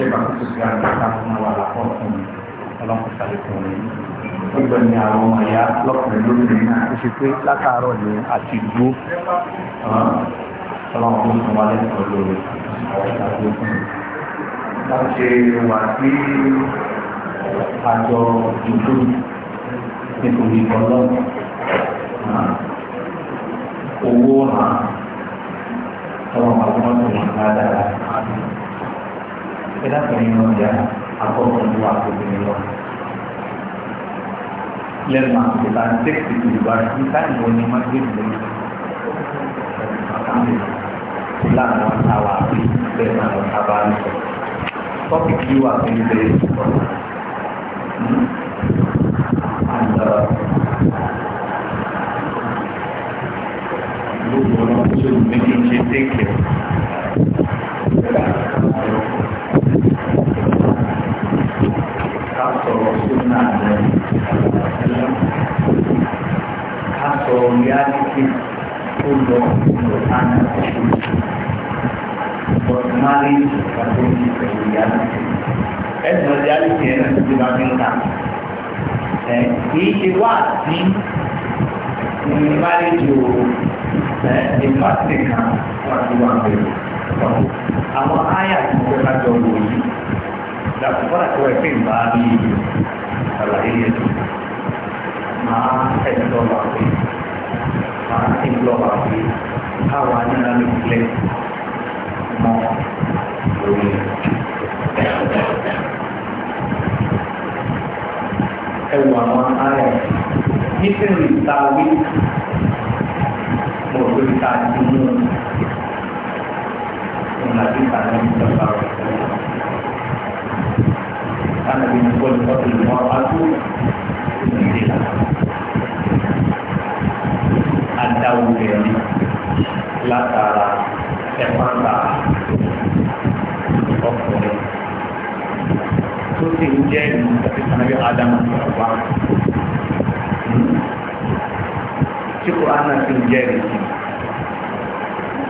ṣe bá tó ṣe àgbàkà fún wa lápọ̀ fún mi ọlọ́kùn sàlẹ̀kùn rẹ̀ gbogbo ni àwọn ọmọ ya lọ́kùnrin lóbìnrin náà ó ṣe pé látàárọ̀ ni àti ìgbó ọlọ́kùn fún wa lẹ́kọ̀ọ́ owó hàn ọlọ́run àwọn ọmọ tó wà ládàá. kita ini ya aku semua aku ini Lemah kita cek di kehidupan kita Mau masjid dari Pulang wasawabi Dengan Topik jiwa ini dari hmm? Lu boleh Making change Thank you. sọ̀rọ̀ sínú àná ká sọ̀rọ̀ yáàkì tó lọ sínú àná ọ̀sùn márì ìpàdé ìpẹ̀lú yáàkì. ẹ̀sùn ọ̀dẹ́ àlùkò yẹn náà ti bá mi ń ta. kì í ṣe wá sí márì ìjòwò ìfásitì kan wà sí wà pẹ̀lú. àwọn áyà tó kọ́ ká jọ wò yìí dàpọ̀ fọ́nà tó ẹ̀ pé ń bá mi ṣàlàyé yẹn tó máa ẹ̀sìn lọ́wọ́ àpè máa ẹ̀sìn lọ́wọ́ àpè káwa náà ló tilẹ̀ mọ́ lórí ẹwù àwọn ará ẹ̀ nítorí ìta wí mo ló ta ìdúró ìlànà ìta ní ìjọba ọ̀sẹ̀ karena dibuat suatu moralku tidak ada ujian latara semata oknum oh, suci ujian tapi nabi Adam berubah cukup anak ujian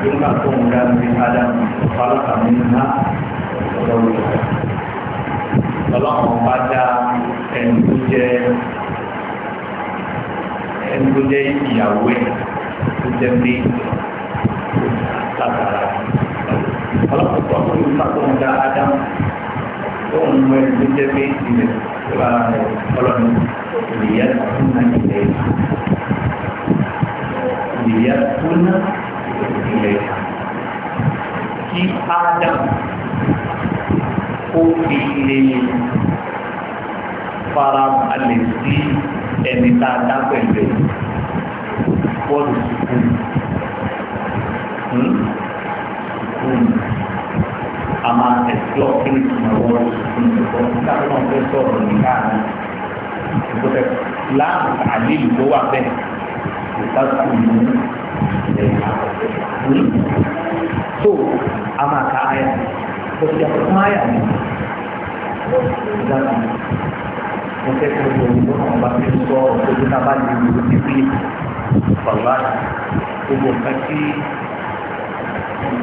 jumlah kemudian Adam kalau kami nak tolong membaca Enbuje Enbuje Yahweh, Enbuje ẹni Kalau jẹ́ ìyàwó ẹ̀ ada jẹ́ bí látara ọlọ́run tó kọ́ nípa tó ń dá ádámù tó ń kó fi lè fara balẹ̀ sí ẹni tá a dá pẹ̀lú bọ́ọ̀lù sukùn sukùn a máa ẹ̀sọ́ kí ni tuma wọ́ọ̀lù sukùn sukùn nígbà tó wọn fẹ́ sọ̀rọ̀ nígbà náà ìgbọ́dọ̀ láàmù àlejò tó wà bẹ́ẹ̀ kò bá sukùn mú ẹ̀ka. so a máa ka ayà. setiap saya dalam mungkin untuk membantu untuk kita bantu di TV pelan tubuh kaki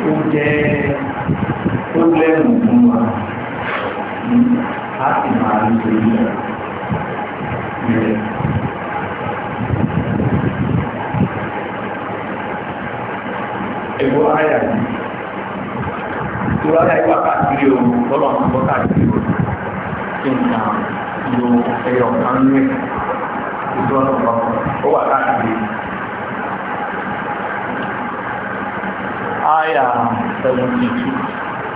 ujian problem semua hati malu sendiri Ibu ayah ìwádà ìwà káàkiri o lọ́lọ́ àwọn ọ̀pọ̀ káàkiri o ṣe nǹkan lo ẹyọ kan nú ẹ̀ ìjọ ọ̀nà ó wà káàkiri. Aya seventy two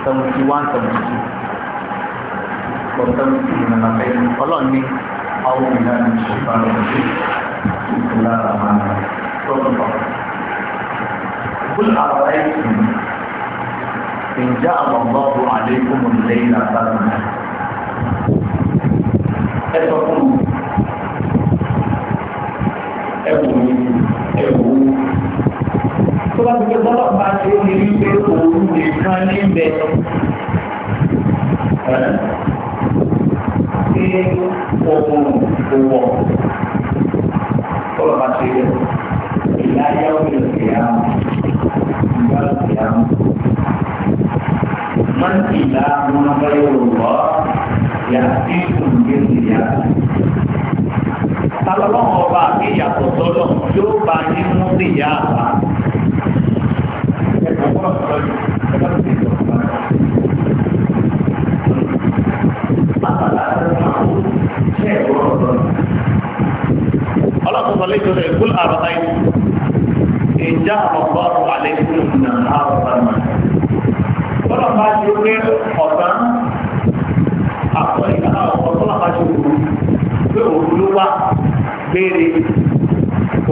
seventy one seventy two for seventy two nana fẹ́ ọlọ́run ní àwọn ìlànà ìṣèjọba ọ̀sẹ̀ ìlànà àwọn tó ń bọ̀ ìjà àbọ̀bọ̀ àlékún lẹ́yìn àtàlù. ẹ sọ fún mi ẹ wò mí ẹ wò ó. tó bá ti gbé bọ́lá bá ṣe é ní wípé òun nìkan níbẹ̀. Tí òun kò wọ̀ bọ́lá bá ṣe é ìyá yá ó lè ṣe àwọn ìyá lè ṣe àwọn. man tidak ya yakni mungkin dia kalau lo ngobati ya tolong coba bani ya Allah subhanahu wa ta'ala tọ́lá bá ṣe pé ọ̀tán àpọ̀ ìkàlà ọ̀pọ̀ tọ́lá bá ṣe òru pé òru ló wá béèrè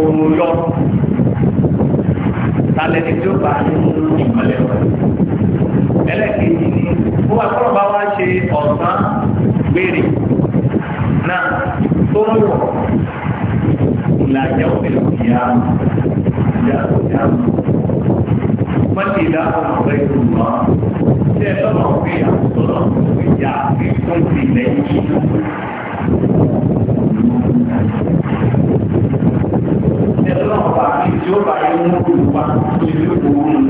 òru yọ lálẹ́ ní tí ó bá nínú ìmọ̀lẹ́ rẹ̀. ẹlẹ́kẹ̀ẹ́jì ni ó wà tọ́lá bá wá ṣe ọ̀tán béèrè náà tó ń wọ̀ ìlàjà òfin ìyá ìyá tó dáa. Mọ́tì ìdáhùn ọ̀rẹ́ ìlú iṣẹ́ lọ́nà pé àtúntò ìyá tó ti lẹ́yìn. Ìṣẹ́ lọ́nà bá tí ó bá yẹ mú olùpa tó ti lé òun.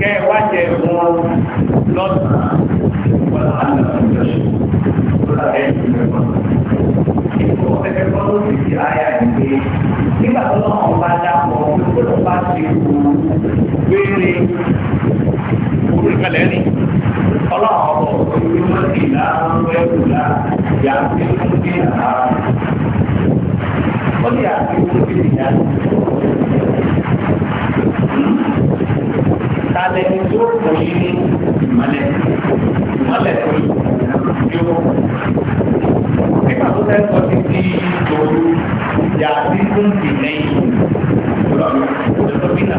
kẹ́ ẹ wájẹ wọn lọ́sàn-án wọn àná lọ́sàn-án ẹ̀yìn mẹ́fà. Ìfọ̀ ẹ̀fọ́ ló ti di àyà ìgbé nígbà tó lọ́wọ́ bá dápọ̀ tó lọ́ bá ti kú wéré orí kalẹ̀ ni ọlọ́wọ́ ọ̀pọ̀ ìlú mọ́tì náà ń bẹ́ẹ̀ kù náà yàtí ó ti di àárọ̀. Ó ní àti ó ti di àárọ̀. malaiku ini malaiku malaiku itu kita bukan posisi dulu jadi pun tidak itu kalau kita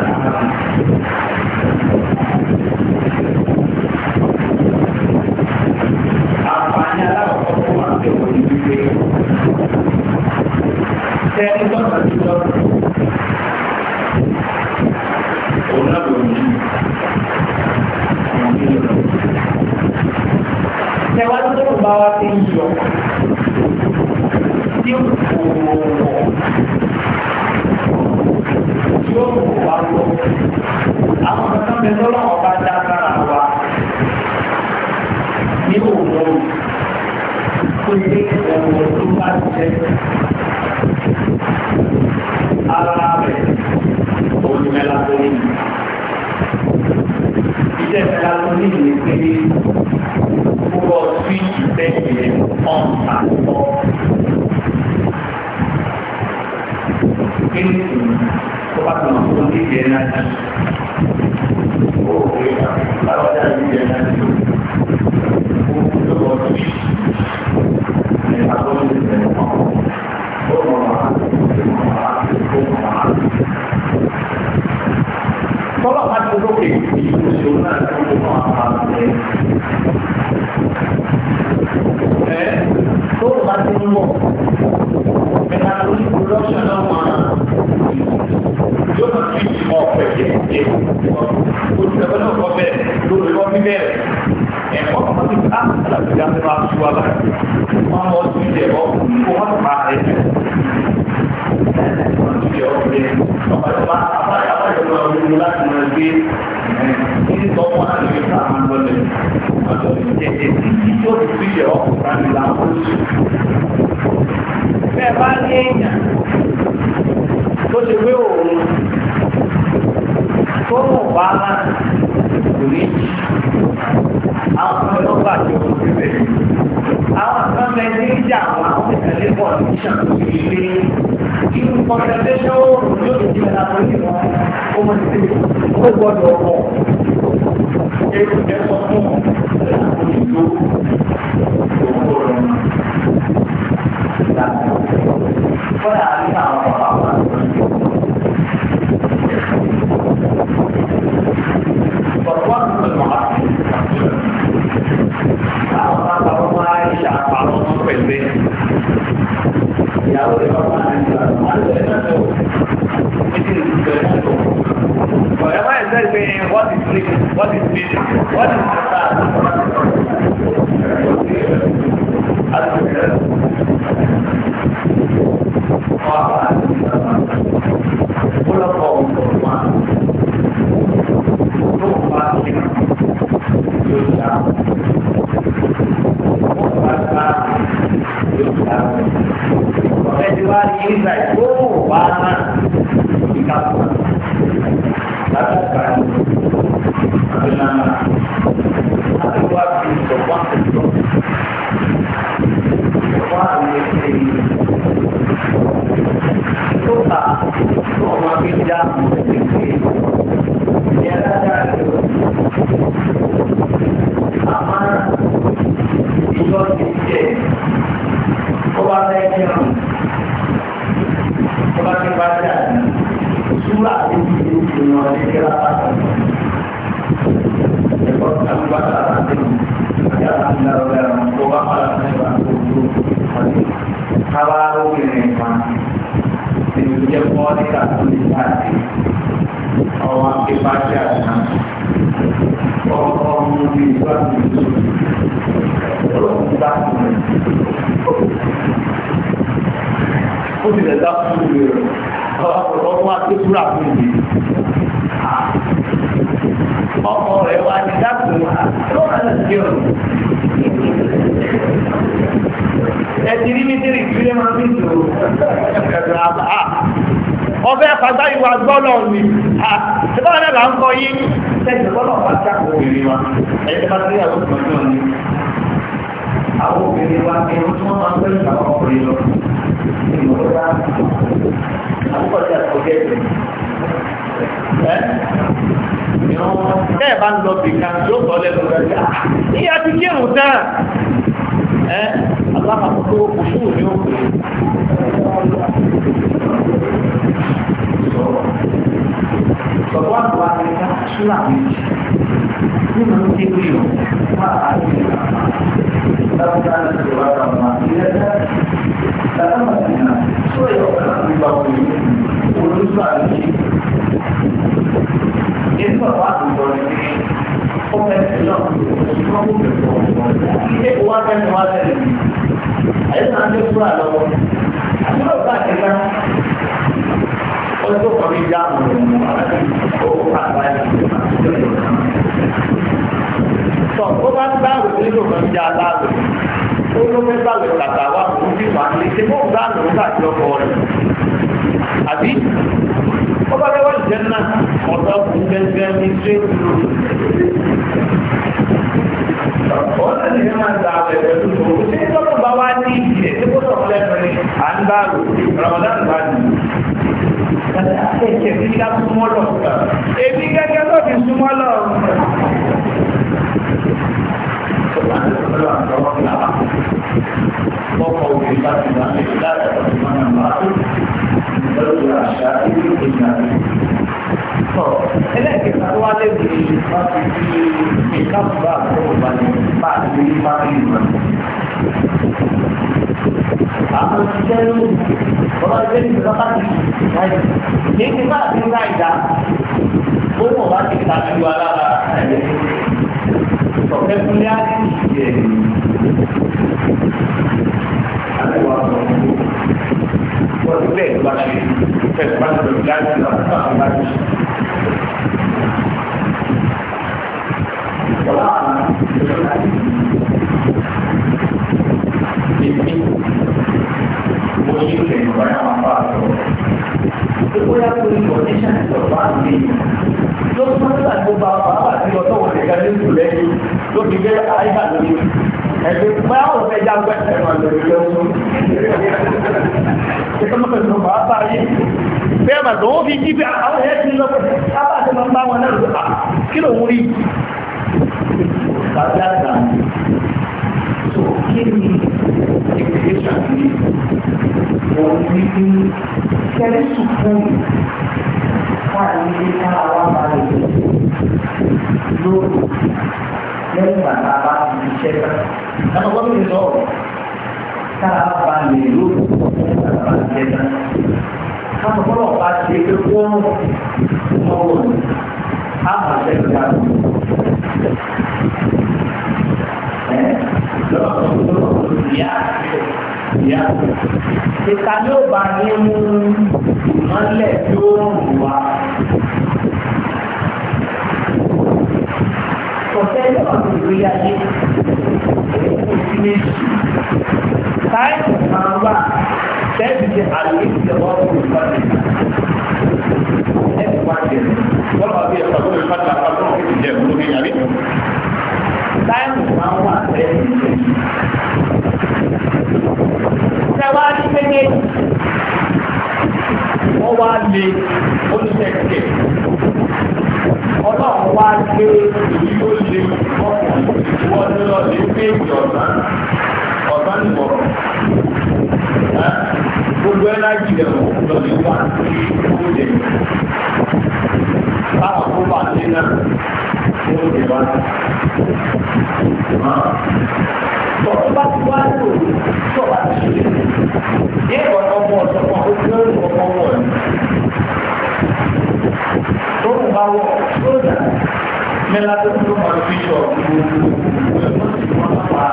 ìyàwó rẹ̀ bá wà ní ìgbà máa ń tẹ̀lé náà lọ́wọ́ títí ní ìgbà náà lọ́wọ́. Whatever is that saying, what is sleeping, what is feeding, what is the àwẹ̀ tàtà wà fún bí wà lè ṣe mọ́ gbà lòun láti ọkọ rẹ̀ àbí ó bá fẹ́ wọ́n jẹ́ náà ọ̀dọ́ fún gẹ́gẹ́ ní ṣé ọ̀nà ni ẹ máa gba àwẹ̀ pẹ̀lú tó ṣé tọ́lọ́ bá wá ní ìjìnlẹ̀ tí kò sọ̀rọ̀ lẹ́nu ni à ń bá rò ramadan bá nì. Kàtà بفاتنا لا تقدمان المرأة من ضرورة عشاء ẹlẹ́ẹ̀kẹ́ sáwá lẹ́bi wọ́n ti fi ìkáàbùbá àkókò bá ní bá ní bá ní ìmọ̀. àwọn òṣìṣẹ́ ló bọ́lá ṣe ní ìjọba ti láì ní ti bá àti ńlá ìdá àtàwọn àwọn ọmọ wọn ti bẹ́ẹ̀ bá ṣe fẹ́ẹ̀ bá ṣe lọ láti lọ sí àwọn bá ṣe. Ìjọba àwọn ìjọba láti èmi mo ṣe ń tẹ̀lé ọ̀rẹ́ àwọn afọ àtọ̀. Ìgbóyà tó ní kọ̀ọ̀dẹ́ṣà ìjọba mi ló tún bá gbogbo àwọn lẹ́yìn ló fi gbé àyíká ẹgbẹ́ pẹ́ àwọn ọ̀fẹ́ já gbẹ́ ẹ̀rọ àgbẹ̀rẹ̀ ọ̀sùn ìtọ́mọ̀kẹ́ ló bá bá yé bẹ́ẹ̀ bàtà wọ́n fi jí bí àwọn ẹ̀yẹ́ ti lọ́pọ̀ sábà tí wọ́n bá wọn náà lọ́pàá kí ló ń rí bàbá àgbà lẹ́yìn bàtà bá ti fi ṣẹ́ tán. Ẹ̀fọ́ gbọ́dọ̀ ti sọ̀rọ̀ tá a bá lè lóòrùn lẹ́yìn bàtà bá ti ṣẹ́ tán. Káàpọ̀ bọ́lọ̀ bá ṣe pé wọ́n mọ̀wọ́ ni a máa fẹ́ gbà lọ. Ìta ni bá ní mú ìmọ̀lẹ̀ tí ó rùn wá. àkọsẹ́ yóò fi ìwé ayé méjì táìmù máa wà tẹ́ẹ̀bì ṣe àlè ìjọba ọ̀hún ìpàdé ẹ̀sìn wá jẹ́ wọ́n bá bí ẹ̀ka tó lè pàdé àpapọ̀ òfin ìjẹ́ ìlú ní yàrá ìlú táìmù máa wà tẹ́ẹ̀bì ṣe tẹ́wàá ní pẹ́ẹ́jì wọ́n wá lé oníṣẹ́ kẹ̀kẹ́ ọlọ́run wá gbé èyí tó lè ọkùnrin wọ́n ní lọ lè gbé èyí ọ̀sán ọ̀sán nìbọ̀rọ̀ gbogbo ẹ̀ náà jìnnà lọ lè wà ó lè báwa kó wà ní náà ó lè wà tọ̀tún bá ti wá lò tọ̀ bá ti ṣe é ní ẹ̀kọ́ ọmọ ọ̀sán kan ó gbé ọmọ wọn tó ń bá wọ̀ tó dà mẹ́lá tó tó máa fi sọ gbogbo ẹ̀mọ́ sì wọ́n pa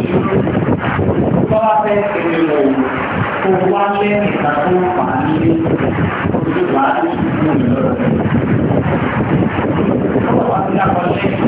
ìṣòro tó bá fẹ́ kéde lọ kó wá lẹ́yìn ìgbà tó pa nílé ojú wa ní ìlú ìlọrin. Ọ̀pọ̀ àti àkọsílẹ̀.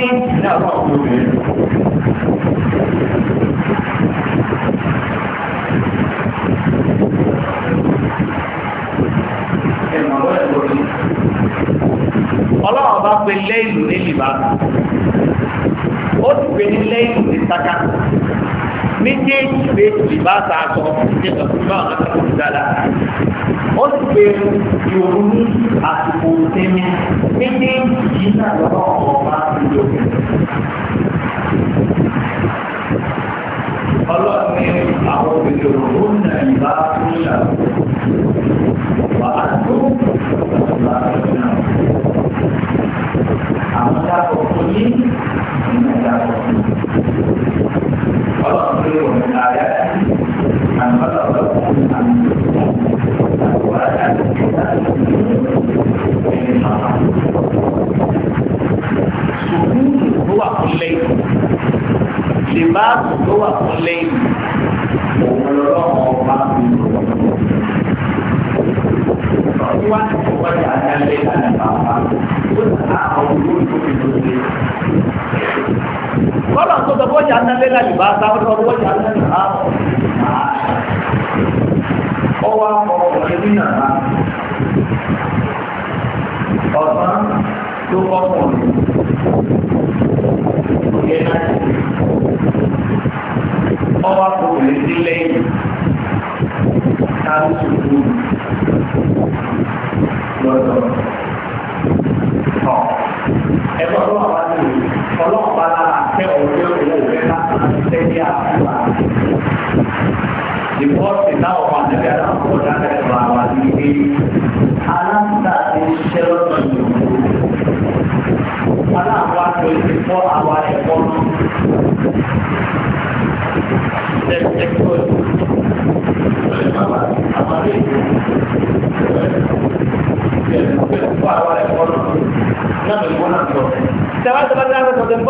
sí ní àwọn ọkùnrin ọlọ́run bá pe lẹ́yìn ní libata ó ti pe ní lẹ́yìn ní saka méjèèjì pé libata aṣọ ní ọ̀gbìnbá àwọn akẹ́kọ̀ọ́ ìdára ó ti pe ìrònú àsìkò tẹ́mi méjèèjì yìí náà lọ́wọ́ ọ̀pá lo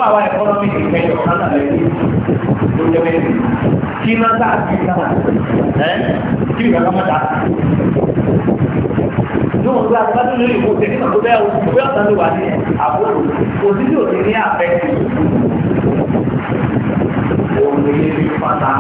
àwa ẹ̀kọ́nọ́mì ti fẹ́ lẹ́yìn ló jẹ́ bẹ́ẹ̀ kí iná tá a ti ẹ́ kí ìgbà kan máa dà Yóò ń gbé agbádùn lórí ìwò tẹ̀lé náà tó bẹ́ẹ̀ o, ìwé ọ̀sán ló wà ní àbúrò, òsì ní àfẹ́ òun ní pátá.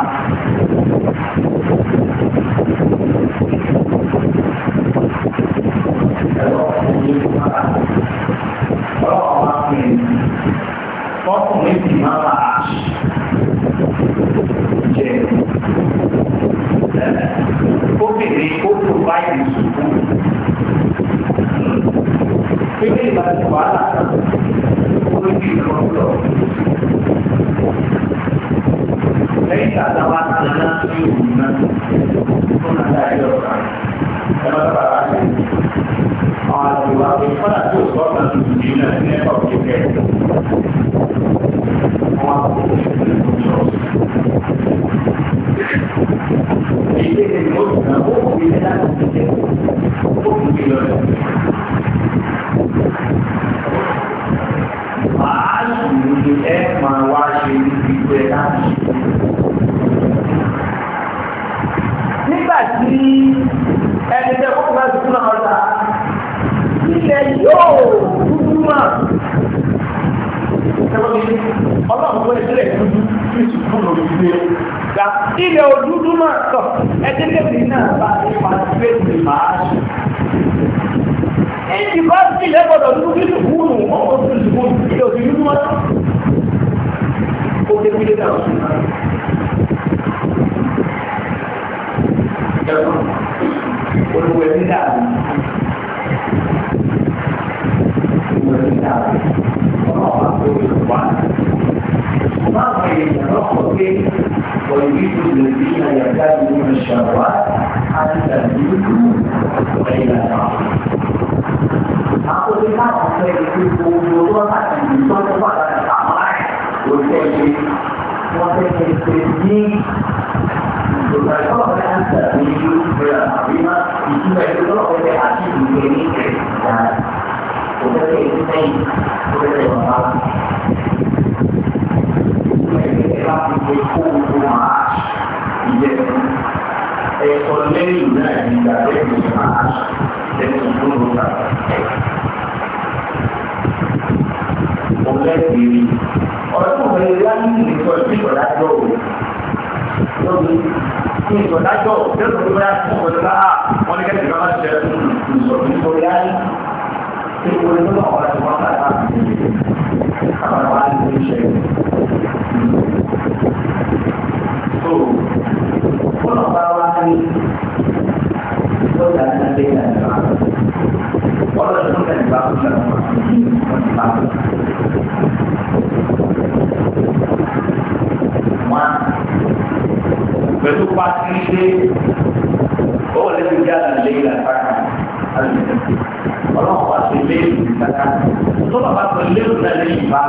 ní ìbá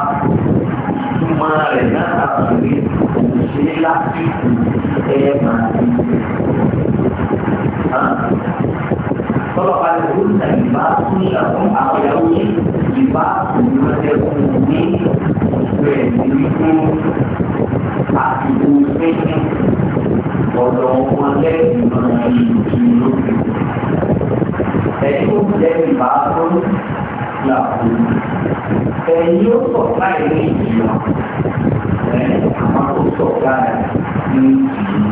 túmọ̀ rẹ̀ náà àbúrí òṣèré lásìkò ẹ̀ máa ń Kalau pada pun dan dibahas ni langsung apa yang ni dibahas dengan dia ini beribu hati pusing kalau boleh mengenai dulu. Jadi pun dia dibahas pun langsung ẹni yóò sọ̀ láì ní ìdílé ẹ̀ àwọn tó sọ̀ láì ní ìdílé.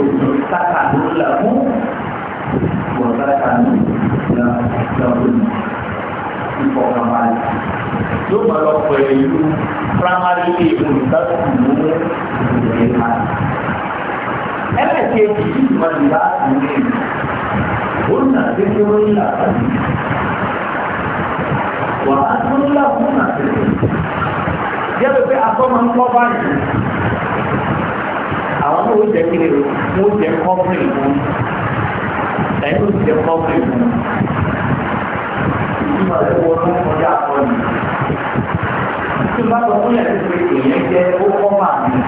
Òjò sáka ló là fún ọ̀gá kanú ìlà ìjọba ìfọ̀kànbalẹ̀. Yóò máa lọ pẹ̀lú primary league olùdásùn mú ìrìnà. Ẹlẹ́kẹ̀ẹ́ yìí máa ń bá àwọn ènìyàn. Ó nà sí kí wọ́n yà á sí. wà á tó ńlá fún àtẹ̀tẹ̀. Jẹ́ pé asọ́mọ ń kọ́ báyìí. Àwọn náà ó jẹ́ kí ni ó jẹ́ kọ́pìnì fún. Ẹ̀yin ó jẹ́ kọ́pìnì fún. Ìtumọ̀ rẹ̀ wọ́n tó kọjá àkọ́ni. Ìtumọ̀ sọ fún yàrá pé èèyàn jẹ́ ó kọ́ máa ní.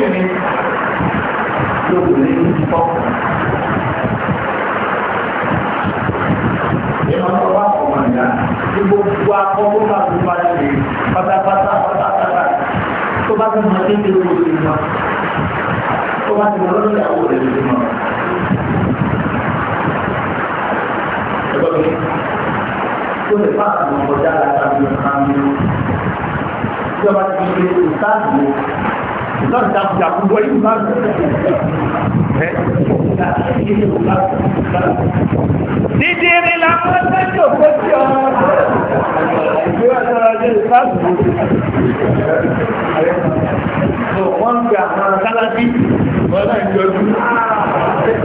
lóbìnrin lóbìnrin ń tọ́. ìmọ̀ tó wá fún wọn ìyá ní gbogbo akọ́kọ́ bá tó bá ṣe pátápátá pátápátá tó bá ti mọ̀ sí ní owó ìlú mọ́ tó bá ti mọ̀ lọ́dọ̀ ìyàwó rẹ̀ lè mọ̀. ẹgbẹ́ mi tó lè bá àwọn ọmọ ọjà àti àwọn mi. ìjọba ti fi ṣe ìsáàbù náà dàkúdà kúndọ̀ yìí bá rẹ̀ dídí ní làwọn tẹ́jọ́ kó tí ọ wọ́n ń gbé àwọn sálábí wọ́n náà yọjú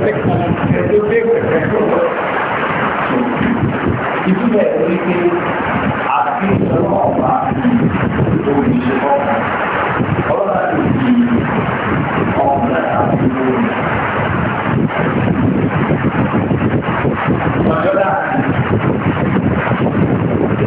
ẹ̀dọ́ bẹ́ẹ̀ ìdúbẹ̀ orí pé àfihàn ọ̀pá òun ìṣẹ́ ọ̀pá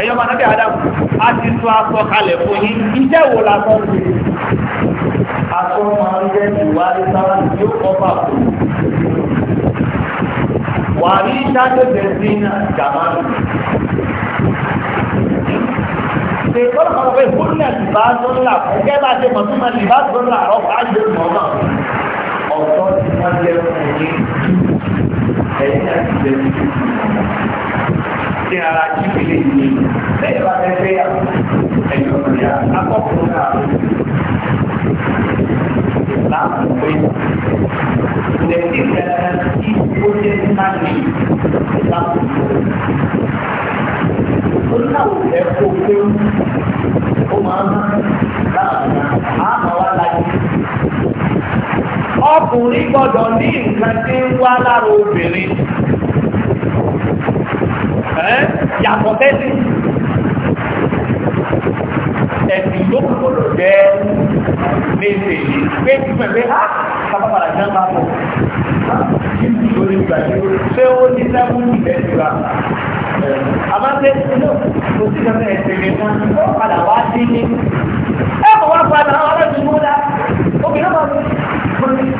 ẹ̀yọ́ máa nábẹ́ adam a ti sọ aṣọ kalẹ̀ fún yín iṣẹ́ wo la sọ fún yín. aṣọ máa ń jẹ́ ìwádìí sára yóò kọ́ fà fún un. wàrí ṣáàtẹ̀tẹ̀ sí jàmánu. ṣèkọ́nà kan fẹ́ gómìnà ìbá sọ́nà ẹgbẹ́ bá ṣe mọ̀ tó máa ìbá sọ́nà ọ̀pá ṣe mọ̀ náà. ọ̀tọ̀ ti máa jẹ́ fún yín ẹ̀yìn àti jẹ́ fún yín ní ara kí ilé yìí lẹ́yìn bá fẹ́ fẹ́ yà ẹ̀yìn ọ̀rọ̀ yà akọ́kùnrin náà láàbù pé lẹ́yìn ìgbàlá tí ó jẹ́ sáàlì láàbù ó láwù fẹ́ kó pé ó máa ń láàbù àmọ́ wá láyé ọkùnrin gbọ́dọ̀ ní nǹkan tí ń wá lára obìnrin yàtọ̀ tẹ́sí ẹ̀sìn ló gbọ́dọ̀ jẹ́ méje pé tí pẹ̀lẹ́ á sábàbàrà jẹ́ bá pọ̀ títí lórí ìgbà tí ó ṣé ó ní sẹ́wọ́n ìbẹ̀ ìgbà àbáṣe ìlú kò sí ìjọba ẹ̀sìn lè ná ó padà wá sí ní ẹ̀kọ́ wá padà àwọn aláàbí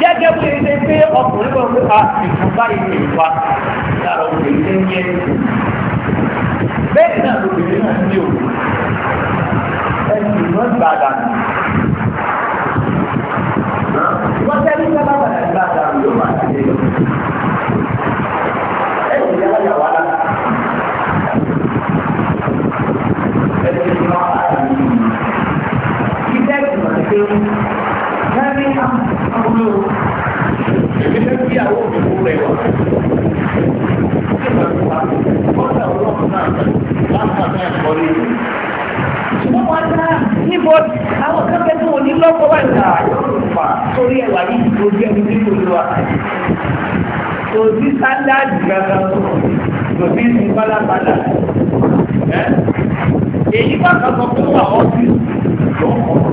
Gẹ́gẹ́ bí ẹni pé ọkùnrin kan ló ka ìfúnpá ìlú wa lára obìnrin tó ń yẹ. Bẹ́ẹ̀ni náà lóbìnrin náà ní òun. Ẹ̀sìn wọn gbà dànù. Wọ́n tẹ́lí sábà bàtà gbà dànù yóò máa ṣe lọ. Ẹ̀sìn yàrá yàrá wà lára. Ẹ̀sìn yàrá wà pé lẹ́rí àwọn ìgbésẹ̀ tí àwọn òbí rẹ̀ wà. Bọ́dà ọlọ́run náà láǹfààní ẹ̀kọ́ lé. Ṣùgbọ́n wọn dá níbo àwọn kẹ́kẹ́ tí wọ́n ní lọ́kọ́ wà ìgbà Yorùbá sórí ẹ̀wà yìí tó jẹ́ ní nínú ìlúwa. Kò sí sáńdáàdì gàgà kò sí sí pálápàlà. Èyí bá kan sọ pé wà ọ́fíìsì lọ́kọ̀ọ́.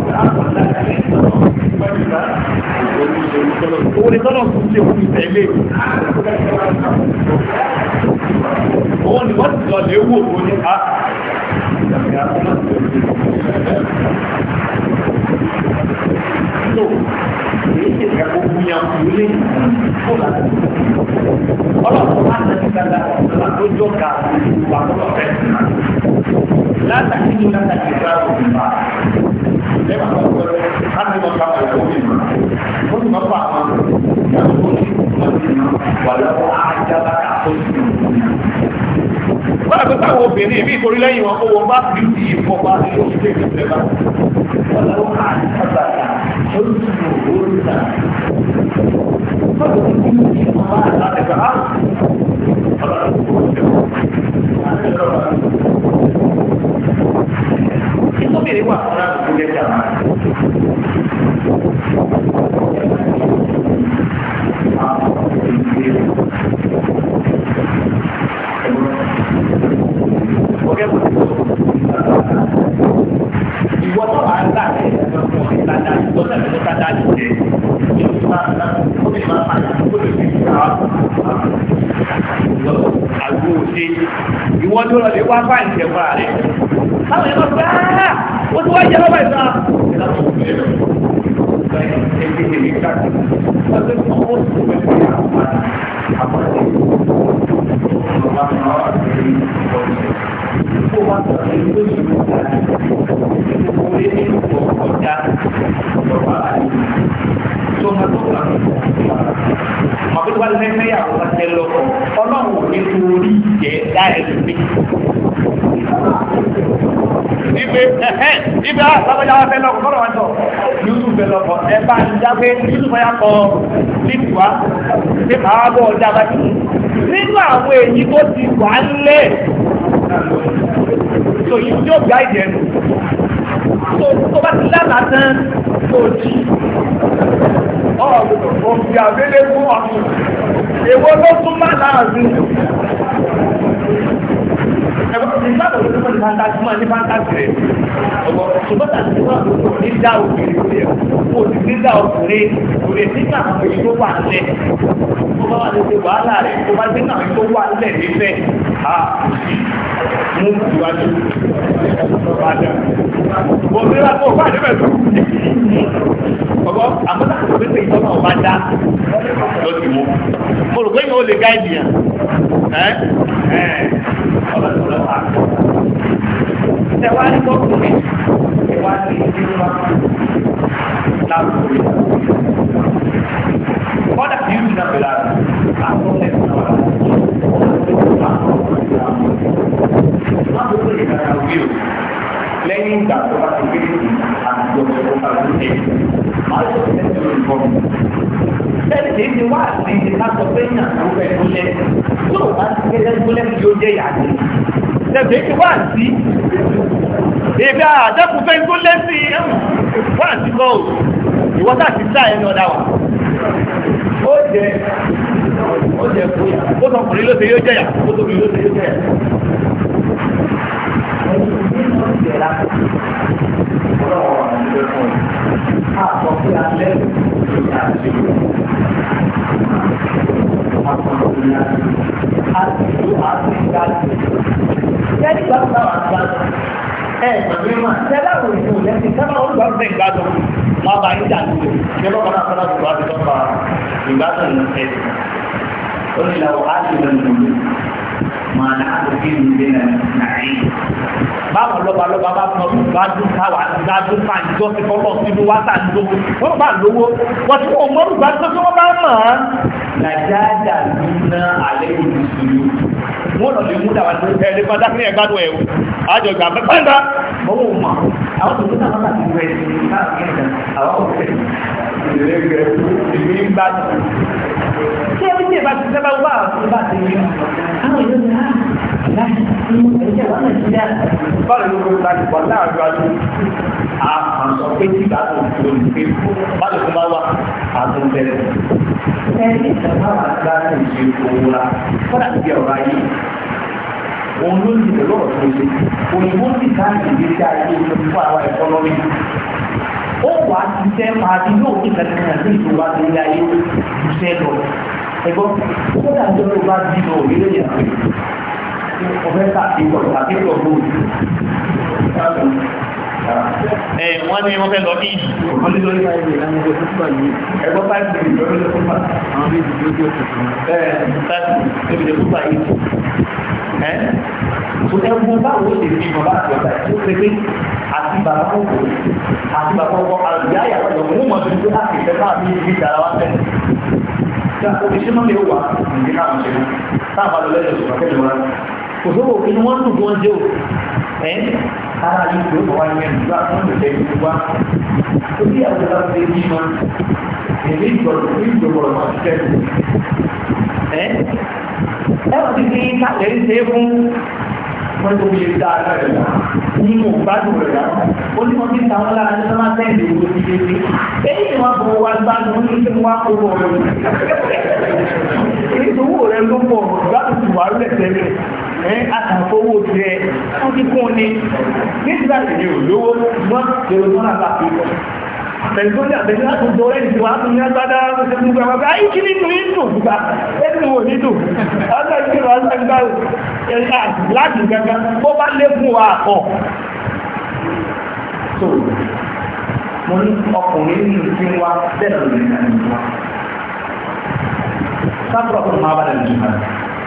owó ni tọ́lọ̀ fún ṣe fún ìtẹ̀lé owó ni wọ́n ti lọ lè wò ó ní a ah. Ọlọ́pàá máa ń ìgbà òmìnira. Lẹ́gbàá ọ̀pọ̀lọpọ̀ láti mọ̀ ká òmìnira fún ìmọ̀pá àwọn ìyàwó wàlọ́wọ́ àjábára tó ti Bára pípa àwọn obìnrin mi ìkórí lẹ́yìn wọn owó bá fi ti ìfọ̀pá ní oṣù tó èdè ìjọba. Wàlọ́wọ́ àjábára tó ti ìwòrò ìta. Bára pípa bá fi tó ìwọ́n tó lọ lè wá bá ìjẹ̀mọ́ra rẹ̀. Báwo ni wọ́n gbá? Ó ti wá jẹ́ lọ́wọ́ ìta. Ọlọ́run ò ní torí ìjẹ́ dáa mi ibe ẹ̀hẹ́ ibe àtàkọ́jà ah, wọn fẹ́lọ́ kọ́rọ̀ wọn jọ yusuf fẹ́lọ́ kọ́ ẹ bá ń já pé yusuf ya kọ́ lípù wa pé màá bọ̀ ọjà bá ti nínú àwọn èyí tó ti wà lẹ̀ so yìí yóò gbá ìdí ẹnu so tó bá ti lánàá tán tó jí ọ̀rọ̀ òfin àgbélébú ọ̀hún èwo ló tún má láàrin ìgbàgbọ́ tó fún ìfantasi máa ní fantasi rẹ̀ ọgbọ́n ṣùgbọ́n tàbí wọn ní dá obìnrin rẹ̀ kó o sì ní dá obìnrin rẹ̀ nígbà àwọn tó wà lẹ̀ tó bá wà ní ṣe wàhálà rẹ̀ tó bá nígbà àwọn tó wà lẹ̀ nífẹ̀ à mú ìwájú padà wọ́n fi wáá kó o fún àdébẹ̀ tó ọgbọ́n àmọ́tà kò pépè ìtọ́nà ọba dá lọ́sibú mo rò pé yóò lè gáìdì yàn ẹ́ ẹ́. Ṣé wá ní kọ́kùnrin? Ṣé wá ní ìdílé wa? Láàbùkù rẹ̀. Kọ́dà kì í rìn náà pẹ̀lú àrùn. Àwọn ọ̀sẹ̀ ń sọ̀rọ̀ àwọn ọ̀sẹ̀ Má gbogbo lè dára wí o. Lẹ́yìn ìgbà tó bá ti gbé àjọ ìjọba lóde, máa ń sọ̀rọ̀ ẹ̀sìn olùkọ́ni sẹ́ni tí ti wá àti ìdí ká sọ pé yàn ló fẹ́ gúnlẹ̀ tó o bá ti gbé lẹ́gúnlẹ̀ tí ó jẹ́ yàtí lẹ́sẹ̀ kí wà sí èbí àjẹ́kùnfẹ́ tó lẹ́sí wà sí kọ́ ò ìwọ́ta ti ẹni ọ̀dá wa ó jẹ ó ló ṣe yóò jẹyà Thank you sẹ́ni gbàgbọ́ náà wà gbà ẹ̀ màmímà sẹ́lá wò ní òun lẹ́sìn sábà ó gbà bẹ́ẹ̀ gbàdọ̀ wọn bá yín dàgbé ṣé bọ́ kọ́nà kọ́nà tó wà ti tọ́ fa ìgbàdọ̀ ní ẹ̀ ó ní lọ́wọ́ á ti lọ nìyí màá nà á ti fi ìdílé náà báwọn lọ́ba lọ́ba bá fún ọdún gbádùn káwà gbádùn fàǹjọ́ ti fọ́lọ́ sínú wá ń lówó wọ́n bá lówó wọ́n ti wọ́n mọ́rùn gbádùn tó wọ́n bá mọ̀ ọ́n. nàìjíríà ló ná àlẹ́ òdìsúlù wọ́n lọ lè mú dàwọn tó ẹ̀ lè padà ní ẹ̀gbádùn ẹ̀ o àjọ ìgbà pẹ́pẹ́ńdà ọwọ́ òun mọ̀ àwọn tó dá wọn láti rẹ̀ àwọn òfin ìrẹ́ rẹ̀ ìlú ń bá tó ṣé ẹbí tí ẹ bá ti fẹ́ bá wà ó bá ti rí àwọn ìlú ní Báwo ló ń láti pọ̀ láàrin ọdún? A máa sọ pé tí ìgbà tó ń fi olùgbé báwo ló bá wà? A tó ń bẹ̀rẹ̀ sẹ́ni ìjọba àgbára ìṣe owó la kọ́dà ti bẹ̀rù ayé òun ló ti bẹ̀rù ọ̀rọ̀ tó ṣe òyìnbó ti ká ìgbésí ayé fún àwa ẹ̀kọ́nọ́mì ó wà á ti sẹ́ máa di yóò ní kẹ́kẹ́ ní ìjọba tó ní ayé ju sẹ́ lọ ẹ̀gbọ́n kọ́dà tó ló bá bí lọ òye lóye àpè ọ̀fẹ́ tàbí ọ̀tàbí ẹ̀ wọ́n ní wọ́n fẹ́ lọ bí ìdí. ẹ̀gbọ́n báwo lè fi bàbá àti ọ̀tà tó ṣe pé àti bàbá kòkòrò àti bàbá ọkọ̀ àlùyá ìyàwó ìyàwó mọ̀ ju pé láti ìfẹ́ bá mi ní ìdára wá fẹ́. ṣé àkókò iṣẹ́ mọ́ mi ó wà ní káàmù ṣe náà táàbà lọ lẹ́yìn òṣùpá kẹ́lẹ́ wọn kò sówó inú wọn dùn wọn jẹ́ o ẹ́ ara yìí tó bọ̀ wáyé mẹ́rin gbá fún ìfẹ́ yìí wá tó bí àwọn ọ̀gá ṣe ní ma èmi ìgbọ̀rọ̀ èmi ìgbọ̀rọ̀ máa ṣiṣẹ́ tó ẹ́ ẹ́ ò ti fi kàlẹ́ ń ṣe fún wọn tó yẹ dáadáa rẹ̀ náà ní mo gbádùn rẹ̀ náà ó ní wọn ti ta wọn lára ní sọ́nà sẹ́ǹdì owó ti dé sí èyí ni wọn bọ̀ wá gbádùn ní kí wọn kó wọn lọ. ìṣòwò rẹ̀ ló pọ̀ gbádùn àtàfowó tirẹ̀ wọ́n ti kún ní nígbà tí mi ò lówó wọ́n lèrò tó náà láti kọ́ pẹ̀lúgbọ́dà pẹ̀lú àtúntò rẹ̀ ìtìwà àtúnyí agbádá ṣe gbogbo àwọn ọgbà ayé kí ní ìtò ìtò gbà ẹni wò ní ìtò ọjọ́ ìtò ọjọ́ ìgbà láti gangan bó bá lékún wa ọ̀ so mo ní ọkùnrin ní ìfín wa bẹ́ẹ̀ lórí ìrìnàjò wa sábà ọkùnrin máa bá lẹ́nu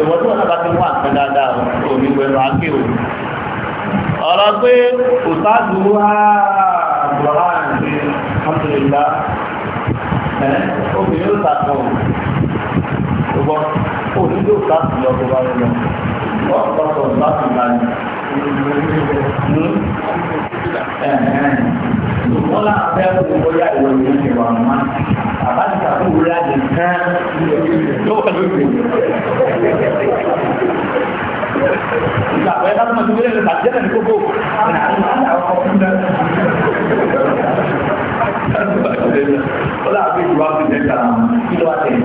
ìwọ́n tí wọ́n náà bá ti wà nǹkan dáadáa òní wẹ̀rọ aké o ọ̀rọ̀ pé òsáàdù wá àbúrò àti àmìlélá obìnrin ló sàkàn ọgbọ́n òní yóò sáàtì lọ tó bá rí lọ ọ̀pọ̀lọpọ̀ sáàtì lánàá ṣùgbọ́n láàbẹ̀ òkú bóyá ìwọ̀n ìwọ̀n ìwọ̀n máa bàbá ti kàkú wúra lè tán lọ́wọ́ lóde. Ìgbà àpẹẹrẹ bá tó máa tó wílẹ̀ lọ́ta jẹ́ lẹ́nu kókó. Ọlá àbí ìwà fi lè ta kí ló wá tẹ̀.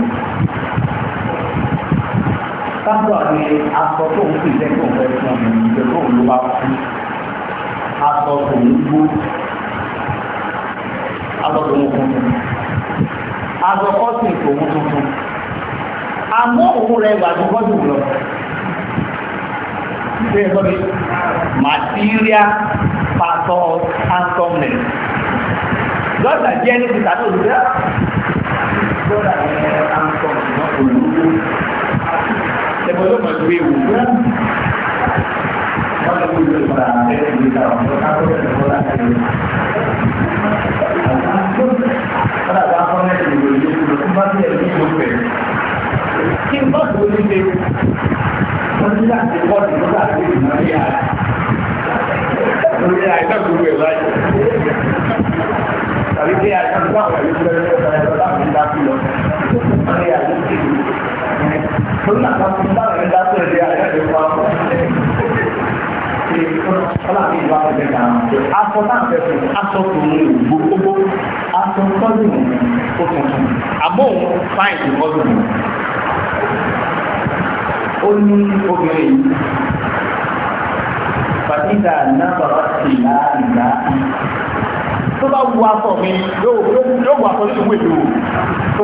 Sáńtọ̀ ni aṣọ tó ń fi lẹ́kọ̀ọ́ fẹ́ fún ọmọ ìjọba òun ló bá kú. Aṣọ tó ń gbó. Aṣọ tó ń kún aṣọ kọ́sìn tòun tuntun àmọ́ òun rẹ̀ wà ní kọ́sìn lọ ṣe sọ mi material factor handsomeness lọ́dà jẹ́ ní ti tàbí olùdá lọ́dà jẹ́ handsomeness náà olùdó ẹgbẹ́ yóò mọ̀ ìwé ìwò wọ́n lè wọ́n lè padà ẹgbẹ́ ìwé ìta padà wá fún ẹ̀ lòlò ìlú tó bá tiẹ̀ ní ìlú pẹ̀lú. kí n bá tó ní ṣe wọ́n ti láti pọ̀ ní lọ́dà tó lè má ní àná. lórí àìsàn gbogbo ẹ̀ láyé. tàbí kí àìsàn tó àwọn ìlú pẹ̀lú ọ̀sán ẹ̀rọ láti dá sí lọ. lórí àìsàn tó lè má ní àná. tó ní àtàkùn bá àwọn ẹ̀dá tó lè dé àìsàn tó ṣe ọlọ́àbí ìlú àfẹ́fẹ́ kan aṣọ náà fẹ́fẹ́ aṣọ tó ní gbogbo aṣọ tọ́jú ó tuntun àbó fáìn tó tọ́jú ó ní obìnrin yìí fàtídà náà bàbá sì láàrínlá tó bá wu aṣọ mi yóò wu aṣọ nínú ìwé ìlú tó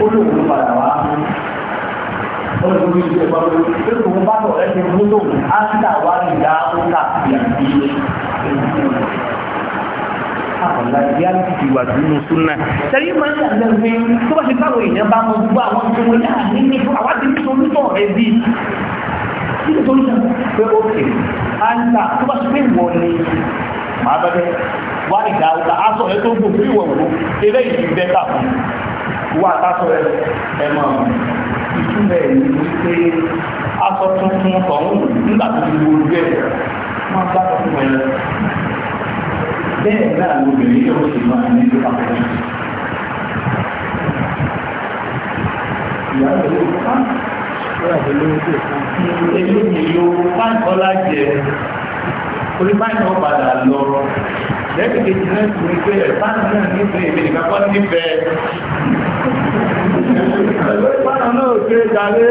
ó lè wò padà wá wọ́n lè wọ́n ṣe pàtó pé kò bá tọ̀ ẹ́ ti mú lòun á ń tà wá ní ìyá ó kà sí àbí àbàlàyé àti ìwà dúró súnà. Sẹ́rí máa ń yàgbẹ́ pé tó bá ti báwo èèyàn bá mọ gbogbo àwọn tó wọlé àní ní àwọn ti nítorí tọ̀ rẹ̀ bí. Nítorí náà pé ó kè á ń wà tásọ ẹ̀mọ̀ ìtumọ̀ ẹ̀yìn wípé aṣọ tuntun ọ̀hún nígbà tó ti wo ojú ẹ̀ máa bá tuntun ẹ̀ lọ. bẹ́ẹ̀ náà lóbìnrin yóò ṣe máa ní ìlú àpò. ìyá rẹ̀ ló ká. ìyá rẹ̀ ló ká. èmi ni yóò bá ìkọlá jẹ ọkùnrin bá yàn padà lọ lẹ́yìn kejì náà tún ní pé ẹ̀fá náà nífẹ̀ẹ́ èmi nìkan kọ́ nífẹ̀ẹ́ ìpáná náà ṣe jàlé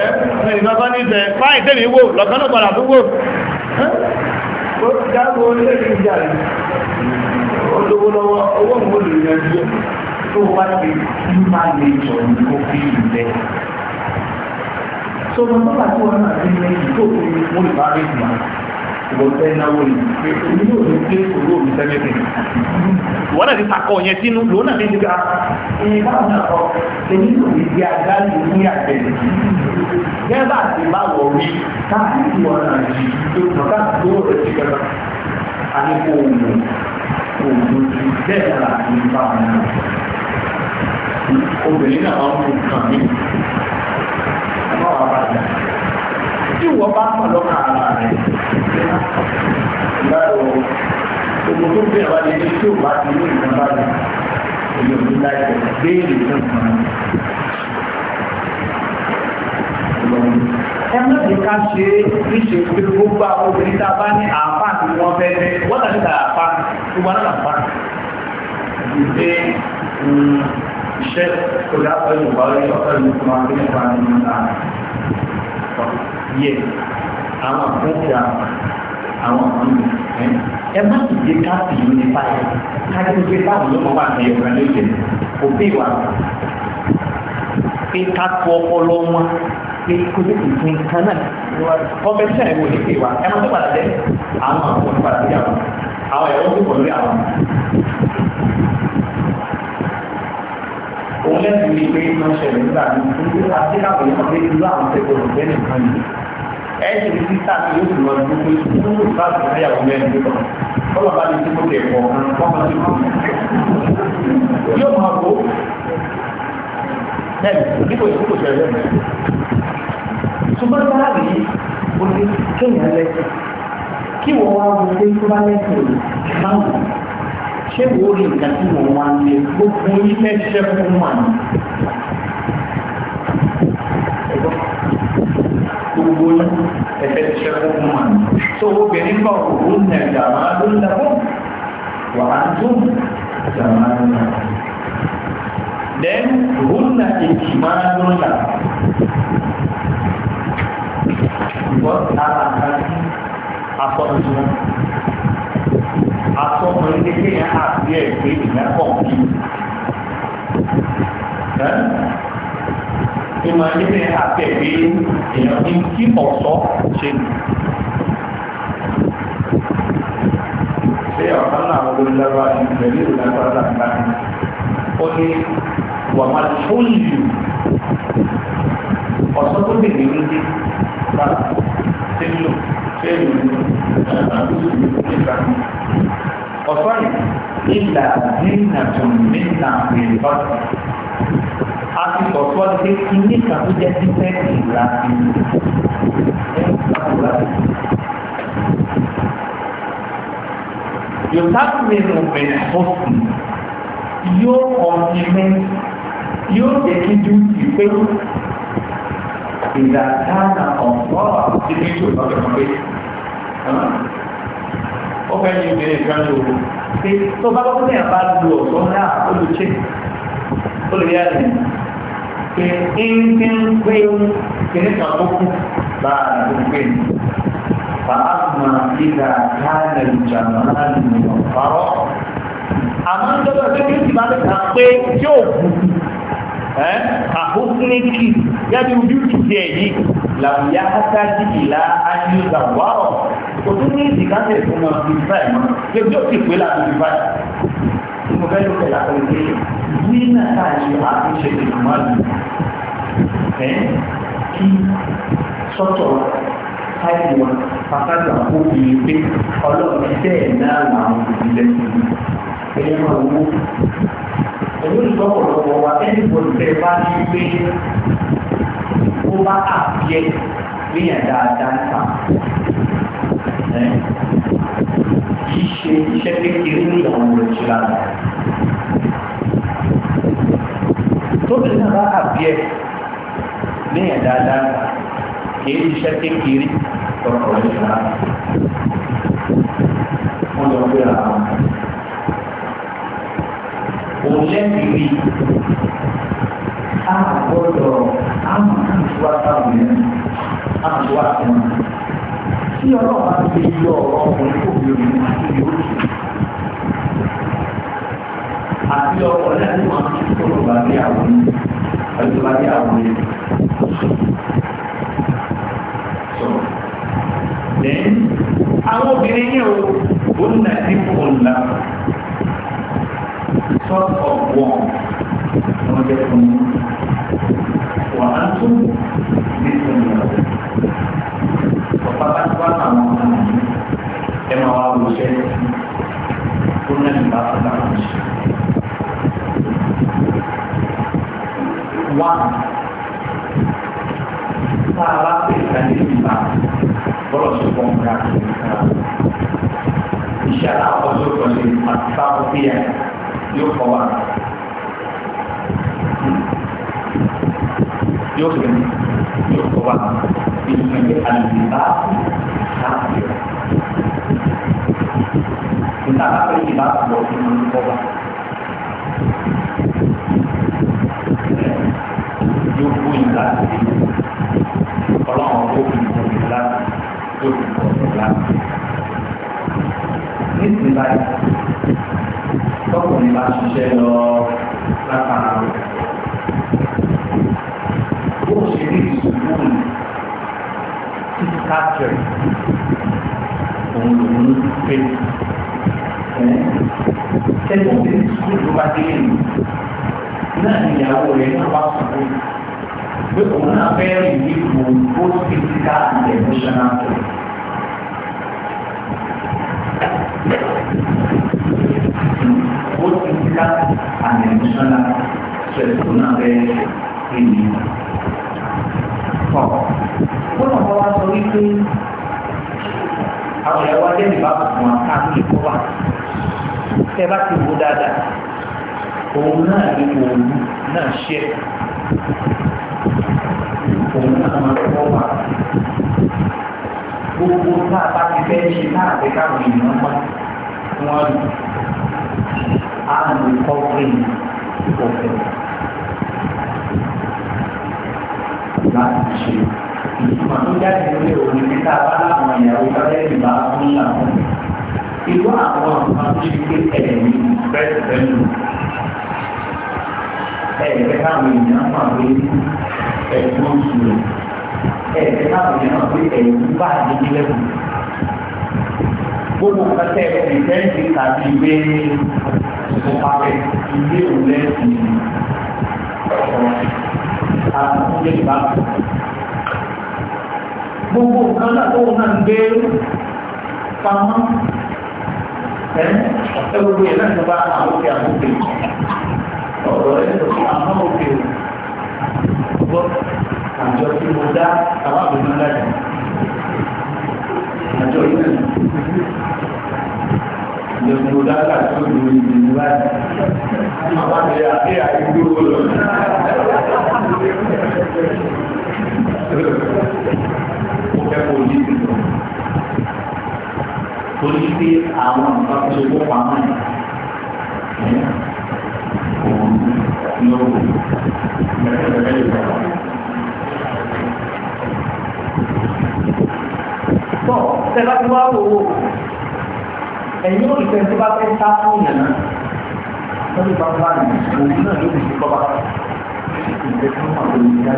ẹ́ ìnìkan kọ́ nífẹ̀ẹ́ fáì tẹ́mi wò lọ́kàn náà padà púpọ̀ ó dágbó ilé ìjà rẹ̀ olówó lọ́wọ́ owó òun olùyànjú tó wá sí human nature ní kó fi ìlẹ̀ tó mọ bá tí wọn náà ti lè tó fi mú ìbá rẹ̀ jù wọn ìwọ̀n fẹ́ náwó yìí pé èmi yóò lè gbé owó mi sẹ́yìn fún mi. ìwọ náà ti sàkọ yẹn sínú lòun náà ti di ká. èyí bá wọn sọ èmi yóò lè di àgbá lè ní àgbẹ̀ lè jì. gẹ́gẹ́ bá ti bá bàjẹ́ tí wọ́n bá mọ̀ lọ́kà ara rẹ̀ láàrọ̀ gbogbo tó bẹ̀rẹ̀ wá lé ní tí ò bá ti ní ìgbà báyìí èyí ò ní láì bẹ̀rẹ̀ béèrè fún ìgbà ẹ má ti ká ṣe é níṣe pé gbogbo àwọn obìnrin tá a bá ní àáfàá tí wọ́n fẹ́ fẹ́ wọ́n tàbí tà àáfàá tó wà náà àáfàá ìgbé iṣẹ́ tó dápẹ́ ìwà ọ̀rẹ́ ọ̀rẹ́ ìwà ọ̀rẹ́ ìwà ọ̀rẹ́ ìwà ọ̀rẹ́ kan yẹ àwọn àkọ́jà àwọn àmì ẹ má sì gbé káàpì yìí ní báyìí káàpì gbé káàpì lọ́kọ̀ bá àtẹ̀yẹ̀ ọ̀gá ló jẹ òbí wa pé káàpì ọpọlọ wọn pé kó lè fi fún nǹkan náà ọbẹ̀ tí àìwò ní pè wá ẹ má tó padà jẹ àwọn àkọ́jà padà sí àwọn àwọn ẹ̀rọ tó pọ̀ lórí àwọn. òun lẹ́sìn ní pé máa ṣẹlẹ̀ nígbà tí ojú àti àwọn èèyàn pé irú àwọn tẹ̀kọ̀ òṣìṣẹ́ nìkan ni ẹ̀sìn ní títà tí yóò sì máa dúró pé fún ìgbà tó ń yàwó mẹ́rin nípa ọlọ́ bá lè tí kò tẹ̀ pọ̀ ọmọ tí kò yóò máa bó bẹ́ẹ̀ ní kò sí kò ṣẹlẹ̀ mẹ́rin ṣùgbọ́n tí a rí oní kéèyàn lẹ́sìn kí wọ́n wá wọlé tó bá lẹ́sìn ṣé wo ni nǹkan tí mo wá lé gbogbo ilé iṣẹ́ fún mà ní. gbogbo ẹgbẹ́ iṣẹ́ fún mà ní. tó obìnrin bá òwò ń nà ìdààmú adúláwọ̀ wà á tún ìdààmú adúláwọ̀. then hunna ìkìmánú là. Because ara kan afọ́njú náà atọ́mọ ilé kéèyàn àti ẹ̀ pé ìyẹn pọ̀ kí. ìmọ̀ ilé àti ẹ̀ pé èèyàn ní kí ọ̀sọ́ ṣe nù. ṣé ọ̀kan náà wọlé lára ìgbẹ̀lẹ́ ìlànà àgbà ó ní wàmà tó lù ọ̀sọ́ tó lè ní ní bá ṣe lò ṣe lò ní àdúgbò ní ìgbà kan ọ̀sán ìlà dínà tó mìíràn pèlú a ti sọ̀tọ́ pé ilé kan tó jẹ́ títẹ́ ìlà yòtáàbù nínú bẹ̀rẹ̀ fọ́sùn yóò ọ̀nìmẹ́ yóò jẹ́ kí dúkì pé ìlà dáná ọ̀pọ̀ àti bí yóò lọ́dọ̀ pé fẹ́ ní obìnrin kan ló wò pé tó bá gbọ́dọ̀ yàn bá lu ọ̀tọ́ náà ó lè ṣe ó lè yá ni pé ń ti ń pé kìnnì kan tó kù láàrin tó gbé ni fàáfùmá ìdá káàlẹ̀ ìjàmbá láti mú ọ̀fárọ́ àmọ́ ń dọ́gba pé kí n ti bá lè ta pé yóò bù àhósínékì yàtí ojú ti tiẹ̀ yìí làwọn yàtá ti ìlà ayélujára wárọ̀ kò tún ní ìdíkàtẹ̀ fún ọ twenty five mọ́ ebi ó ti pè lá twenty five tí mo fẹ́ ló fẹ́ là pẹ̀lú pé ní nàá ṣe àtúnṣe ìgbìmọ̀ àlù ẹ̀ kí sọ́tọ̀ káyọ̀ wọn pàtàkì àkókò yìí pé ọlọ́run bẹ́ẹ̀ náà làwọn òbílẹ̀ ẹ̀yẹ máa wó ẹ̀yẹ ìgbọ́kọ̀lọ́wọ́ wa ẹni bọ̀ tẹ́ bá ní pé ó bá àbíẹ́ léèyàn dáadáa ṣíṣe iṣẹ́ kékeré ní àwọn olùsí lára tóbi náà bá àbí ẹ ní ẹ̀dá dáadáa kìí iṣẹ́ kékeré lọ́kọ̀ọ́ olùsí lára wọ́n lọ pé àwọn òun lẹ́bìí a àwọn àǹtí wa táwọn yẹn tí ọlọ́run bá ti fi yọ ọ̀rọ̀ ọkùnrin kò fi omi àti yòókù àti ọkọ̀ náà tí wọ́n ti tó lọ́ba bí àwọn ẹ̀jọ̀ bá bí àwọn ẹ̀ sọ. lẹ́yìn àwọn obìnrin yẹn o òun náà ti fò ńlá sọ́ọ̀tọ̀ wọ̀n wọ́n jẹ́ fún wọn. wàá tún. สวนหนึ่งัดเต้าเตี้ยุคประวัติยกเป็นยคประวัติมีเงินอันดีบ้าครับคุณตาเป็นดีบ้าบอกมันประวัติยผู้หญิงละก็ลองเอาผู้หญิงคนละยกคน nítorí báyìí tọkùnrin bá ṣiṣẹ́ lọ látara rẹ̀ ó ṣe ní ìṣòro títí káàkiri òun lòun ń pè tẹ́lẹ̀ tí ìṣòro tó bá délé nù náà ni ìyàwó rẹ̀ náà wá sọ̀rọ̀ rẹ̀ tó náà bẹ́ ènìyàn. Ọ̀ wọ́n náà wá sọ wípé àwọn ẹ̀rọ ajé ìbá fún wa káàkiri kó wà. Tẹ́ bá ti wo dáadáa, òun náà ní òun náà ṣe. Òun náà máa kọ́ wà gbogbo tá a bá ti fẹ́ ṣe náà pé káwọn èèyàn mọ̀ wọ́n lù á lù kọ́ pé ọ̀fẹ́. láti ṣe. Ìtumọ̀ tó jáde lórí òun ní ká bá láwọn ìyàwó lọ́lẹ́ ìgbà fún làwọn. Irú àwọn nǹkan tó ṣe pé ẹ̀mí bẹ́ẹ̀ bẹ́ẹ̀ lò. Ẹ̀ẹ̀rẹ́ káwọn èèyàn mọ̀ pé ẹ̀kú oṣù rẹ̀. Ẹ̀ẹ̀rẹ́ káwọn èèyàn mọ̀ pé tàbí ìwé ìfọ̀pá rẹ̀ òun lẹ́sìn ọ̀rọ̀ àtúnjẹ ìbámu gbogbo nǹkan látó náà ń gbé pamọ́ ọ̀pẹ́ gbogbo yẹn náà nípa àwọn òkè àkókè ọ̀rọ̀ ẹ̀ lọ sí àwọn òkè gbọ́ àjọ tí mo dá àwọn àbùnú láti àjọ yìí náà àjọ tí mo dá láti ọdún ìgbìmọ̀ láti àwọn àbẹ̀yà àbẹ̀yà ìgbìmọ̀ lọ ó fẹ́ kó ní ìlú torí pé àwọn nǹkan tó kó pamọ́ ẹ̀ òun ní ó wù mẹ́tẹ̀ẹ̀tẹ̀ lè sọ̀rọ̀. tọ́ tẹ́lá tí wàá wò ó ẹ̀yìn òrìṣẹ́ tí wàá fẹ́ sá fún ìyànà lórí bàbá rẹ̀ òun náà ló fi kọ́ bàbá rẹ̀ ìgbẹ́kùn àwọn ìyá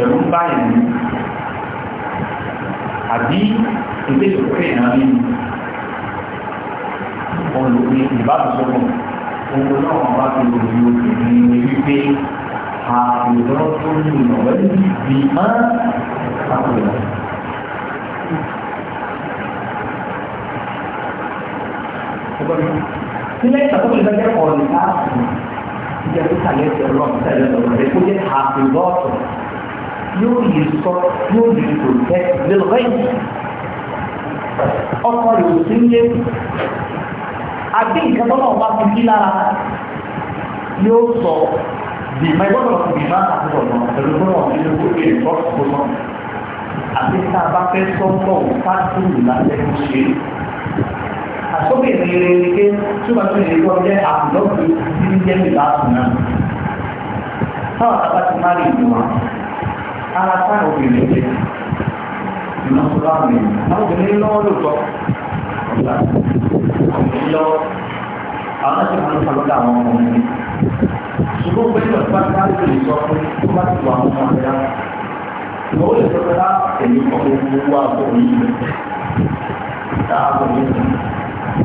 ẹ̀rù ń báyìí ní àbí ilé ìfẹ́ ìran ní olùgbé ìbáṣepọ̀ ohun náà wọn bá fi lòdì òkèèrè ní wípé àwòrán tó ní ìrànwọ́ ní ibi máa àwòrán. Thank you kílẹ̀ ìtàkùn lè fẹ́ kọ́ ní káàkiri ìjẹ́ tó kàlẹ́ ti ọlọ́run tẹ̀lé lọ́wọ́ rẹ̀ kó jẹ́ àfi lọ́ọ̀tù yóò yí sọ yóò yí kò tẹ́ lẹ́lọ́wọ́ yìí ọkọ rẹ̀ ò sí nílé àbí nǹkan tó náà wá fi kí lára yóò sọ bìmọ̀ ìgbọ́dọ̀ bìmọ̀ àtúbọ̀nà pẹ̀lú gbọ́dọ̀ nínú gbogbo ìfọ́sọ̀tò náà àti tá a àtúbí ìrìnlẹ̀ ìrìnlẹ̀ túbọ̀ tó lè kọ́ jẹ́ àbùdókì tí ń jẹ́ ìlà àtúnà. Táwọn àgbà ti má lè dùn wọn, ara táwọn obìnrin ṣe ìmọ̀ tó bá mi. Àwọn obìnrin lọ́wọ́ ló tọ́. Ọ̀gá obìnrin lọ́wọ́ àwọn láti máa ń fa lọ́dọ̀ àwọn ọmọ mi. Ṣùgbọ́n pé ìwọ̀n tó bá ti láti lè sọ pé tó bá ti wà ọmọ rẹ̀ rárá. Ìwọ̀n ó lè sọ pé láti ah, tẹ̀lé ọmọ owó àbọ̀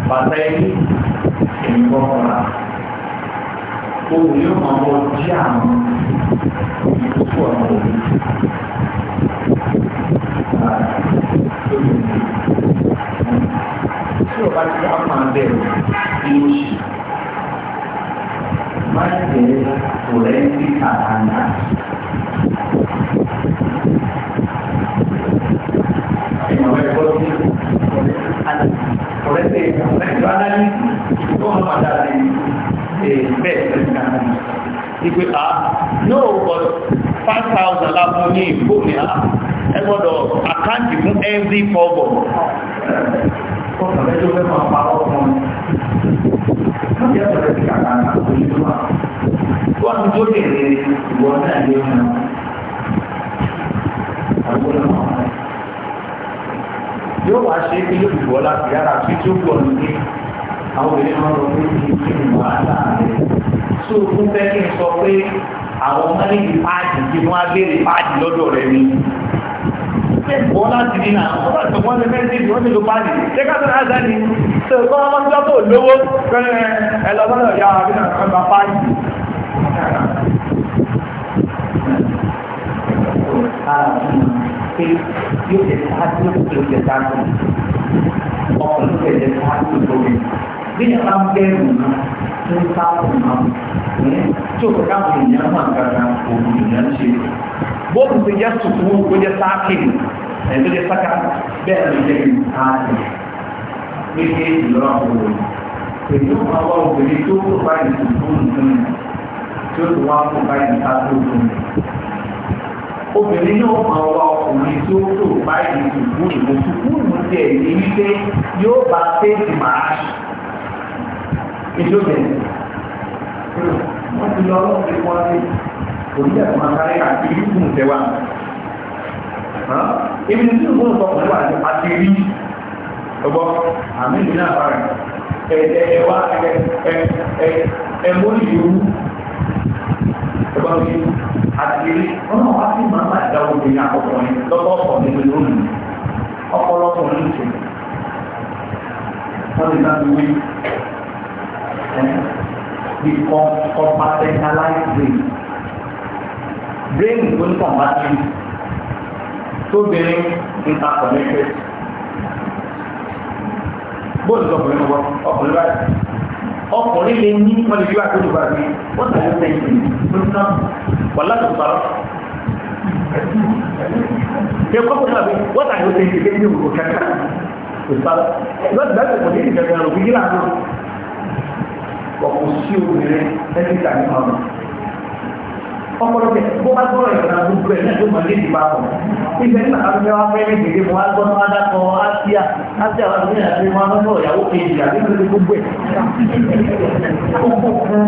bàtà ẹni ènìyàn kọ̀ọ̀ra òun yóò máa wọ jí àwọn ìdókòwò àwọn òbí tí o bá ti wá máa bẹ̀rù inú ṣì má jẹ́ fòlẹ́ńtì àtàndà. Ìmọ̀lẹ́kọ́ sí fòlẹ́ńtì àtàndà correte ẹ̀rọ analysis tó wọ́n padà lè bẹ́ẹ̀ ẹ̀sìn analysis ìpé à no but five thousand lápò ní ìfóònì à ẹ gbọ́dọ̀ àkáǹtì fún every four bọ̀ kọ́kàn lẹ́jọ́ fẹ́ máa pa ọkùnrin káàkiri ẹ̀sọ̀rọ̀ ti kàkà òṣèlú wa wọ́n tó lè rẹ̀ ìwọ̀n náà yóò wá ṣe é pé yóò dùbọ̀ láti yára tí tí pọ̀ nílé àwọn obìnrin máa ń lọ pé kí kí ni wà láàrin tó o tún fẹ́ kí n sọ pé àwọn ọmọ níbi páàdì tí wọ́n á béèrè páàdì lọ́dọ̀ rẹ ni kẹ́kọ̀ọ́ láti ní náà wọ́n bá tọ̀ wọ́n lè mẹ́rin tí wọ́n ti lo páàdì tẹ́ká tó náà sẹ́ni tó kọ́ ọmọ tó tó lówó pẹ́rẹ́ ẹlọ́gbọ́dọ̀ yá wa nínú ọgbà páàdì pé yóò jẹ sáájú yóò jẹ sáájú ọkùnrin yóò jẹ sáájú lórí bí ẹ bá ń bẹ̀rù náà tó ń bá kù náà tí o fẹ́ káwọn èèyàn máa ń gbàgbà òun èèyàn ń ṣe bóòlù ti jẹ́ sùkúrú kó jẹ́ sáàkì ẹ̀ tó jẹ́ sáàkà bẹ́ẹ̀ ló jẹ́ sáàkì méjèèjì lọ́wọ́ àwọn òun pẹ̀lú àwọn obìnrin tó kó báyìí sùkúrú nìkan tó wá kó báyìí sáàkì òun obìnrin náà máa wá ọkùnrin tí ó tó báyìí ìlú ìlú sùkúrù tiẹ̀ ní wípé yóò bá fèsì máa ètò ìbẹ̀rẹ̀ wọ́n ti lọ lọ́wọ́ ìwọ́n ní òní ẹ̀kọ́ àkárí àti ìlú tẹ̀wá ibi tí ìlú ọkùnrin wà ní àti rí ọgbọ́ àmì ìlú náà bára ẹ̀ẹ́dẹ̀ẹ́wà ẹ̀ẹ́dẹ̀ẹ́wà ẹ̀ẹ́dẹ̀ẹ́wà àti ọ̀nà wa sì máa máa dá obìnrin àkọ́kọ́rin lọ́wọ́ ọ̀pọ̀ nínú lónìí ọ̀pọ̀lọpọ̀ ní ìṣe wọ́n lè dábí wí ní compartmentalized brain brain tó ń tàn bá ti tóbìnrin interconnected bóòlù ọkùnrin wọ ọkùnrin báyìí ọkùnrin lè ní wọ́n lè fi wáá tóbi bàbí wọ́n tàbí sẹ́yìn tó ná wà látò sọ̀rọ̀. ṣé kọ́kọ́ náà bí wọ́n tàbí sẹ́yìn tó kéde òkú kẹta kò sọ̀rọ̀ lọ́sì bá tẹ̀ kò ní ìdẹ̀rẹ̀ rẹ̀ òkú yìí lànà ọkùnrin sí obìnrin ẹni tàbí ọmọ ọpọlọ tẹ bó bá gbọ́rọ̀ ìgbà gbogbo ẹ̀ lẹ́tọ́ mọ̀ léèdì bá pọ̀ ibẹ̀ nígbà kan fẹ́ wá fẹ́ ní gbèdé mọ́ agbọ́n máa dákọ̀ áṣíà áṣíà wà ní ìyàtọ̀ ìmọ̀ agbọ́n ìyàwó kejì àti gbogbo ẹ̀ gbogbo kan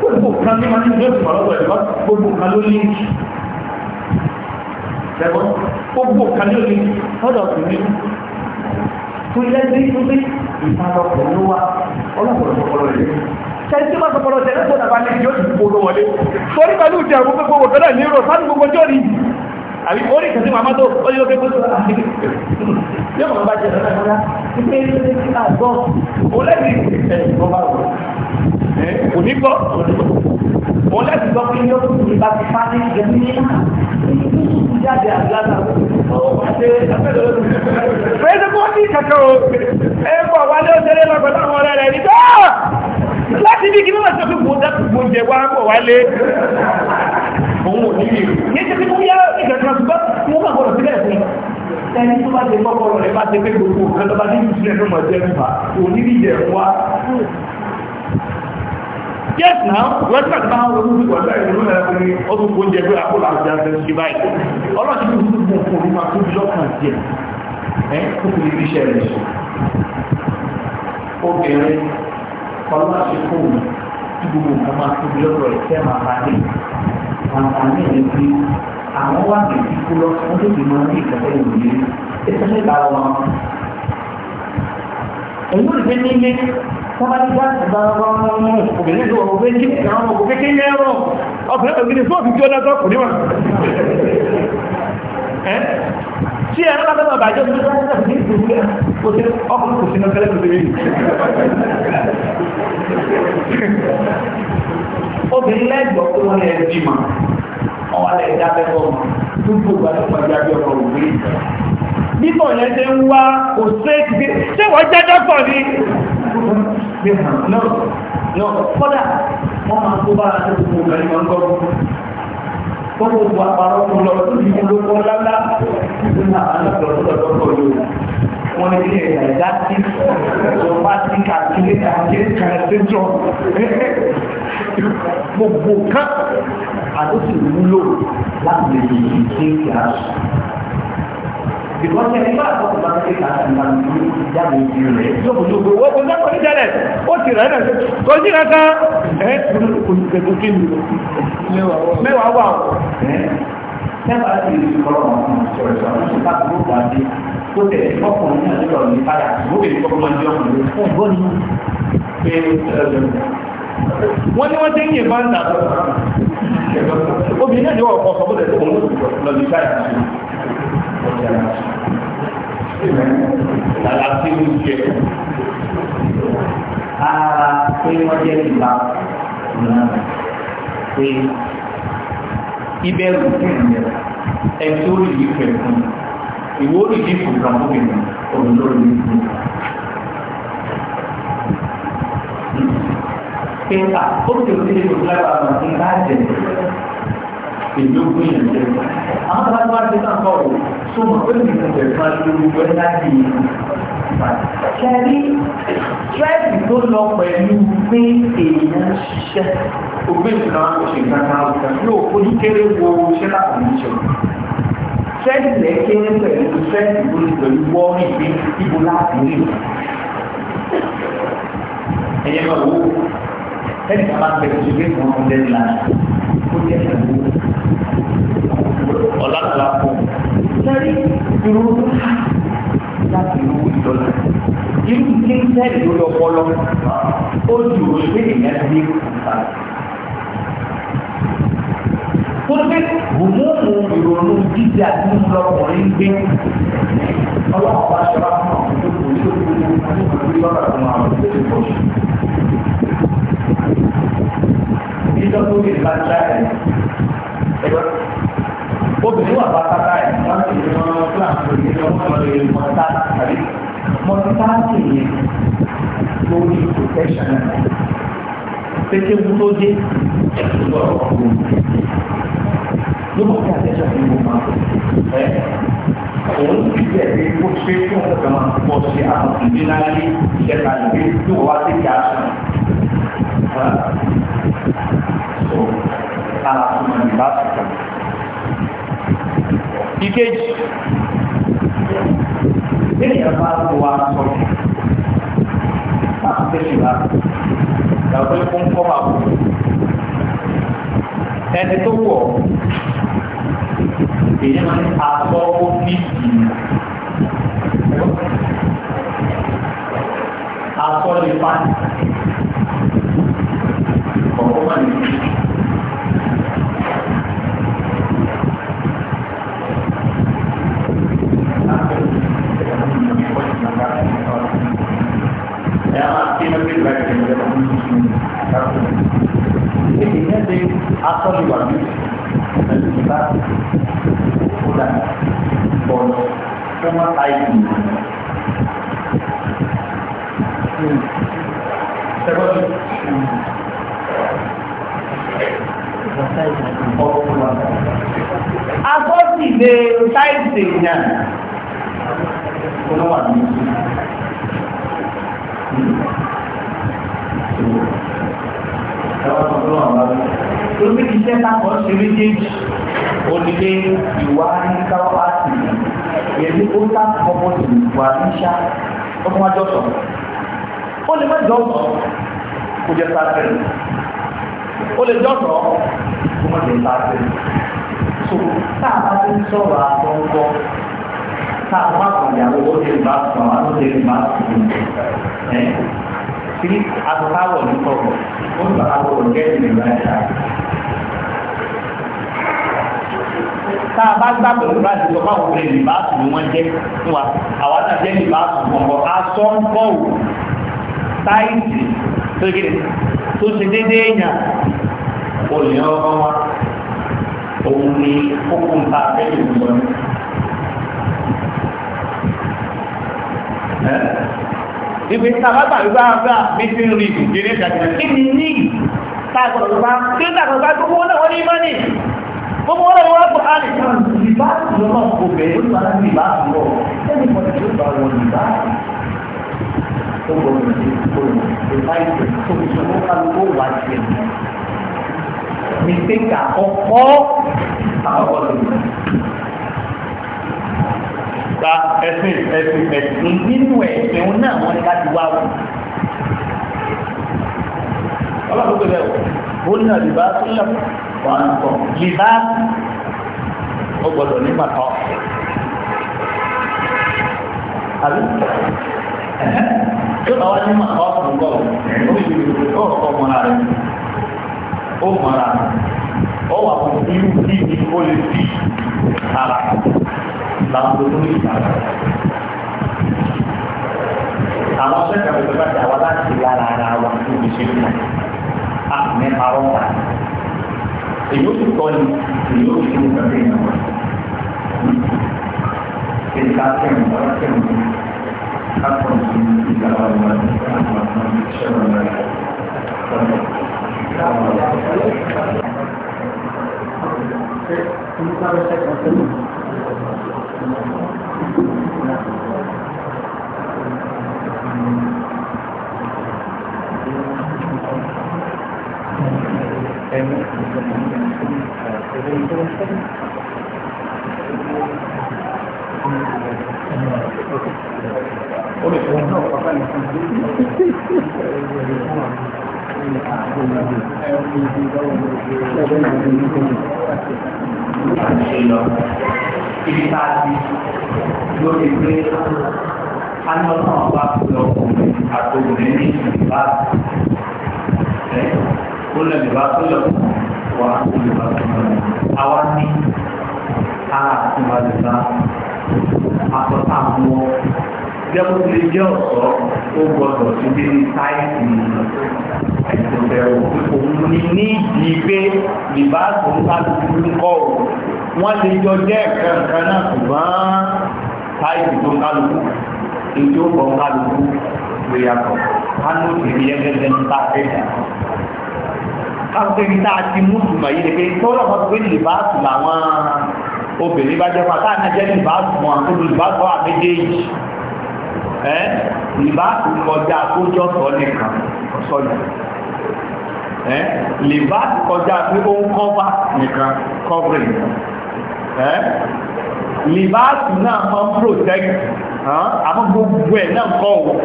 gbogbo kan ní wọn ní ìjọ ìmọ̀ lọ́wọ́ ẹ̀kọ́ gbogbo kan ló ní ẹ̀kọ́ gbogbo kan ló ní ọ̀dọ̀ ọ̀kùnrin tó yẹ tẹ́tí máa sọ̀rọ̀ tẹ̀lé tó dàbà ní yóò dìbò ló wọlé torí pẹ̀lú ìdí àwọn gbogbo gbogbo náà ní ìrọ̀ sáàdì gbogbo jọ́ rí àbí orí ìkẹsí màmá tó ó yóò gbogbo yóò mọ̀ bá jẹ́ lọ́nà ìrọ̀lá pípé ní àgbọ̀ olẹ́bí ìgbọ̀bá rọ̀ kò ní gbọ́ olẹ́bí gbọ́ pé yóò fi bá ti pa ní ìgbẹ̀mí ní jáde àgbàlá Fẹ́sẹ̀ kó ní kàkàrò, láti bí kí mọ́wàá sọ́fún mo dákù mo jẹ wá pọ̀ wálé òun ò nílé yé jẹ́ pípú yá ìgbẹ̀kan ṣùgbọ́n mo máa gbọ́dọ̀ sílẹ̀ fún ẹni tó bá ti gbọ́kọ̀rọ̀ rẹ̀ bá ti pé gbogbo nǹkan lọ́ba ní ìṣúlẹ̀ fún ọjọ́ ìgbà òníbi jẹ̀ wá yes now wọ́n tí wọ́n ti máa ń ronú sí ọjọ́ ìlú náà fún ọdún oúnjẹ pé àkókò àti àti ṣe báyìí ọlọ́ọ̀tí tó ń mú òkú nípa tó bí lọ́kàn díẹ̀ ẹ́ kókò níbi iṣẹ́ rẹ̀ obìnrin kọ́lá ṣe fóònù tí gbogbo nǹkan máa tóbi lọ́dọ̀ ẹ̀ tẹ́ máa bá dé àǹfààní ẹ̀ pé àwọn wà ní kíkú lọ wọ́n lè fi máa ní ìkẹ́kẹ́ ìwòye ẹsẹ̀ nípa wọn. èyí ò lè ní ilé wọ́n bá ní gáàsì bá wọn mú obìnrin lò wọ́n bẹ́ẹ̀ jíìpì àwọn ọmọ òkèké ní ẹ̀rọ ọkùnrin kan gidi fóònù tí ó dájọ́ kù níwọ̀n. tí ẹ̀rọ bá bẹ́ẹ̀ bàjẹ́ tó dájọ́ ọkùnrin kò sínú tẹ́lẹ̀ tuntun yìí obìnrin lẹ́gbọ̀ọ́ tó wọ́n lẹ́ bí ma ọwọ́ lẹ́ dá fẹ́ bọ́ ma gbogbo àti pàdé àbí ọkọ̀ òwe bíbọ̀ yẹn ṣe ń wá kò séèkì bí ṣé wọ́n jẹ́ dọ́kọ̀ ni kódà wọ́n máa tó bá ara tó gbogbo obìnrin máa ń gbọ́ gbogbo àpárọ̀ kò lọ sí ìlú kọ́ lálá nígbà wọ́n ní ilé ẹ̀dà ìdásí ìjọba sí kàkiri kàkiri kàrẹ́sẹ́jọ gbogbo kan àdókì wúlò láti lè lè ṣe é kí a sùn. Bìkọ́sẹ̀ nígbà tó bá ń ṣe kàkiri kàkiri jáde ìdí rẹ̀. Yóò ló gbé wọ́n kò sẹ́kọ̀ọ́ ní jẹ́lẹ̀, ó ti rẹ̀ náà kò sí kankan. Ẹ kò ní kẹ́kọ̀ọ́ kí ni mẹ́wàá wà. Mẹ́wàá ti rí kọ́lọ̀ ọ̀hún ṣọ̀rọ̀ ṣọ̀rọ̀ kó tẹ̀ ọkùnrin náà lọ́rọ̀ ní padà ìwọ́bìnrin kọ́kọ́ máa ń di ọkùnrin fún ìbọn ní pé wọ́n ní wọ́n ti ń yìn bá ń dà obìnrin náà ni wọ́n kọ́ sọ bóde òun lọ ní padà lálá sí ní jẹ ara pé wọ́n jẹ́ ìgbà náà pé ìbẹ̀rù ẹ̀tọ́ ìyíkẹ̀ fún un ìwọ òdìdí kò kà fún mi ọ̀rọ̀ lórí mi fún Kẹta, ó ti ò sílé kòtò àwọn àti ìgbà jẹ èyí ó gbé yẹn jẹ. Àwọn tó bá tó bá ti sàn kọ̀ wò, sọ ma pé mi kò bẹ̀rẹ̀ máa lo gbogbo ẹ̀ láti yìí. Kẹ̀rí, tírẹ́ẹ̀sì tó lọ pẹ̀lú pé èèyàn ṣiṣẹ́, ògbé ìtura kò ṣe nǹkan kan, yóò fojú kéré wo ṣẹ́lá kò ní ṣe sẹ́ẹ̀tì lẹ́ kéré pẹ̀lú sẹ́ẹ̀tì lórí pẹ̀lú wọ́ọ̀rì bí ibo láti rí o. ẹ̀yẹ́ máa wò ó sẹ́ẹ̀tì ká máa bẹ̀rẹ̀ sí pé kò ń dẹ́nu láti kó jẹ́ pẹ̀lú ọ̀làkàlà fún un. sẹ́ẹ̀tì dúró láti irú ìdọ́là irú kí ń sẹ́ẹ̀tì lórí ọpọlọ ó ju òṣèlú ìyá sí ìkùnkà tó ní gbogbo ìrònú jíjẹ àti ìlọkùnrin gbé ọlọ́pàá bá ṣe wá fún àwọn tó kù ní gbogbo ní gbogbo lọ́dọ̀ àwọn àwọn tó ti bọ̀ ṣe. Ìjọ tó ní ìgbà ṣá ẹ̀ ẹ̀rọ obìnrin wà bá tata ẹ̀ wọ́n ti mọ fúlàǹtì òyìnbó wọn lè mọ tata tàbí mọ tata sì lórí protection náà pété wú tó dé ẹ̀sùn ọ̀rọ̀ ló bá kí àtẹ̀sọ̀ fún mi máa ẹ̀ òun ti tẹ̀ pé kó ṣe kí wọ́n kàn máa pọ̀ sí àwọn ìdí náà lé ìṣẹ̀ka ìgbé tí wọ́n wá sí ìjà sùn. Ara tó máa ní láti kàn. Ìkejì, ènìyàn bá wọ aṣọ láti tẹ̀síwájú làwọn tó ń kọ́ máa kú ẹni tó wọ̀ èyí máa ń ta lọ́wọ́ ní ìlú asọ́ lè pa ṣe ìyá olówó àmì lórí iṣẹ́ táwọn ṣe méjèèjì onílé ìwà níkàwọ́ àti ìyẹ̀lú ó láti ọmọ ìwà níṣà ọmọ àjọsọ ó lè mẹ́jọ ọ̀sọ̀ kó jẹ́ sáré ó lè jọ́sọ̀ kó mọ̀ jẹ́ sáré tó táàbà tó ń sọ̀rọ̀ àtọ́ńkọ́ táàbà àgbàyàwó ó lè bá sùn àwọn ó lè bá sùn ẹ̀ sí àtọ́káwọ̀ ní kọ̀ọ̀kọ̀ ó ń bàbá wọ̀ jẹ́ ìrìnà ẹ̀dá. táàbà gbà pẹ̀lú láti sọ fáwọn obìnrin ní bá sùn wọ́n jẹ́ fún wa àwa náà jẹ́ ní sùn kọ̀ọ̀kọ̀ aṣọ ń kọ̀ táìsì tó ṣe déédéé yàn olùyàn ọkọ wa òun ni kókó ń ta abẹ́lẹ̀ ìlú lọ. ìwé sábàbà ìgbà àgbà méjì ń rí ìdílé ìdájọ́ kí ni ní tágbọ̀dọ̀ bá kí ní tágbọ̀dọ̀ bá gbogbo náà wọ́n ní mọ́nì gbogbo wọn lọ́wọ́ pọ̀ á lè kàn ìbá lọ́nà òbẹ̀ olùwàlá ní ìbá lọ ẹni kan tí ó bá wọn ìbá tó gbọ́dọ̀ ní ìbá ìbá ìbá tó fi sọ fún kálukó wà jẹ́ mistake àkọ́kọ́ àwọn ọ̀dọ́ gba ẹ̀sìn ẹ̀sìn ẹ̀sìn nínú ẹ̀sìn òun náà wọ́n ní láti wá wọn. ọlọ́run pé bẹ́ẹ̀ wò ó ní àlìbá sílẹ̀ wà ń sọ lìbá ó gbọ́dọ̀ ní bàtà àbí tó bá wá ní màá ọ̀sán gbọ́ ó ní ìlú ọ̀kọ́ ọmọ náà rẹ̀ ó mọ̀ra ó wà fún irú bí ní ó lè fi ara làwọn tó ní ìta. àwọn sẹ́kà tó bá dà wá láti lára ara wa tó lè ṣe fún wa á ní parọ́ ta. èyí ó ti tọ́ ni èyí ó ti mú kàdé yẹn wá. Kita akan melakukan apa yang kita lakukan. Terima kasih. Olha, não, papai, não ibi tá a ti lórí pé a ní ọdún ọba pẹ̀lú ọkùnrin àtòkùnrin ní ìbá ẹ ó lè lè bá tó lọ wà á tó lè bá tó lọ àwa ní ara àti ìbá lè bá àtọ́ta àwọn jẹ́ kó lè jẹ́ ọ̀sọ́ ó gbọdọ̀ sí bí táìsì ẹ̀sọ̀bẹ̀rù òun ni ní ìdí pé ìbáàtò ń bá dúdú ń kọ́ ò wọ́n lè jọ jẹ́ kankan náà ṣùgbọ́n táìsì tó kálukú èyí ó bọ̀ kálukú ló yàtọ̀ kánú ìrìn ẹgbẹ́gbẹ́ ń bá fẹ́ẹ̀dà káfíńtì tá a ti mú tùmọ̀ yìí ni pé tọ́lọ̀ mọ́ pé ìbáàtò làwọn obìnrin bá jẹ́ fún wa táà náà jẹ́ ìbáàtò wọn tó ìbáàtò àméjèèjì ẹ́ ìbá tó kọjá àkójọ sọ nìkan sọ́nà ẹ́ lèbá tó kọjá pé ó ń kọ́fà nìkan kọ́fìrì ẹ́ lèbá tó náà máa ń protect àmọ́ gbogbo ẹ̀ náà kọ́ wọ̀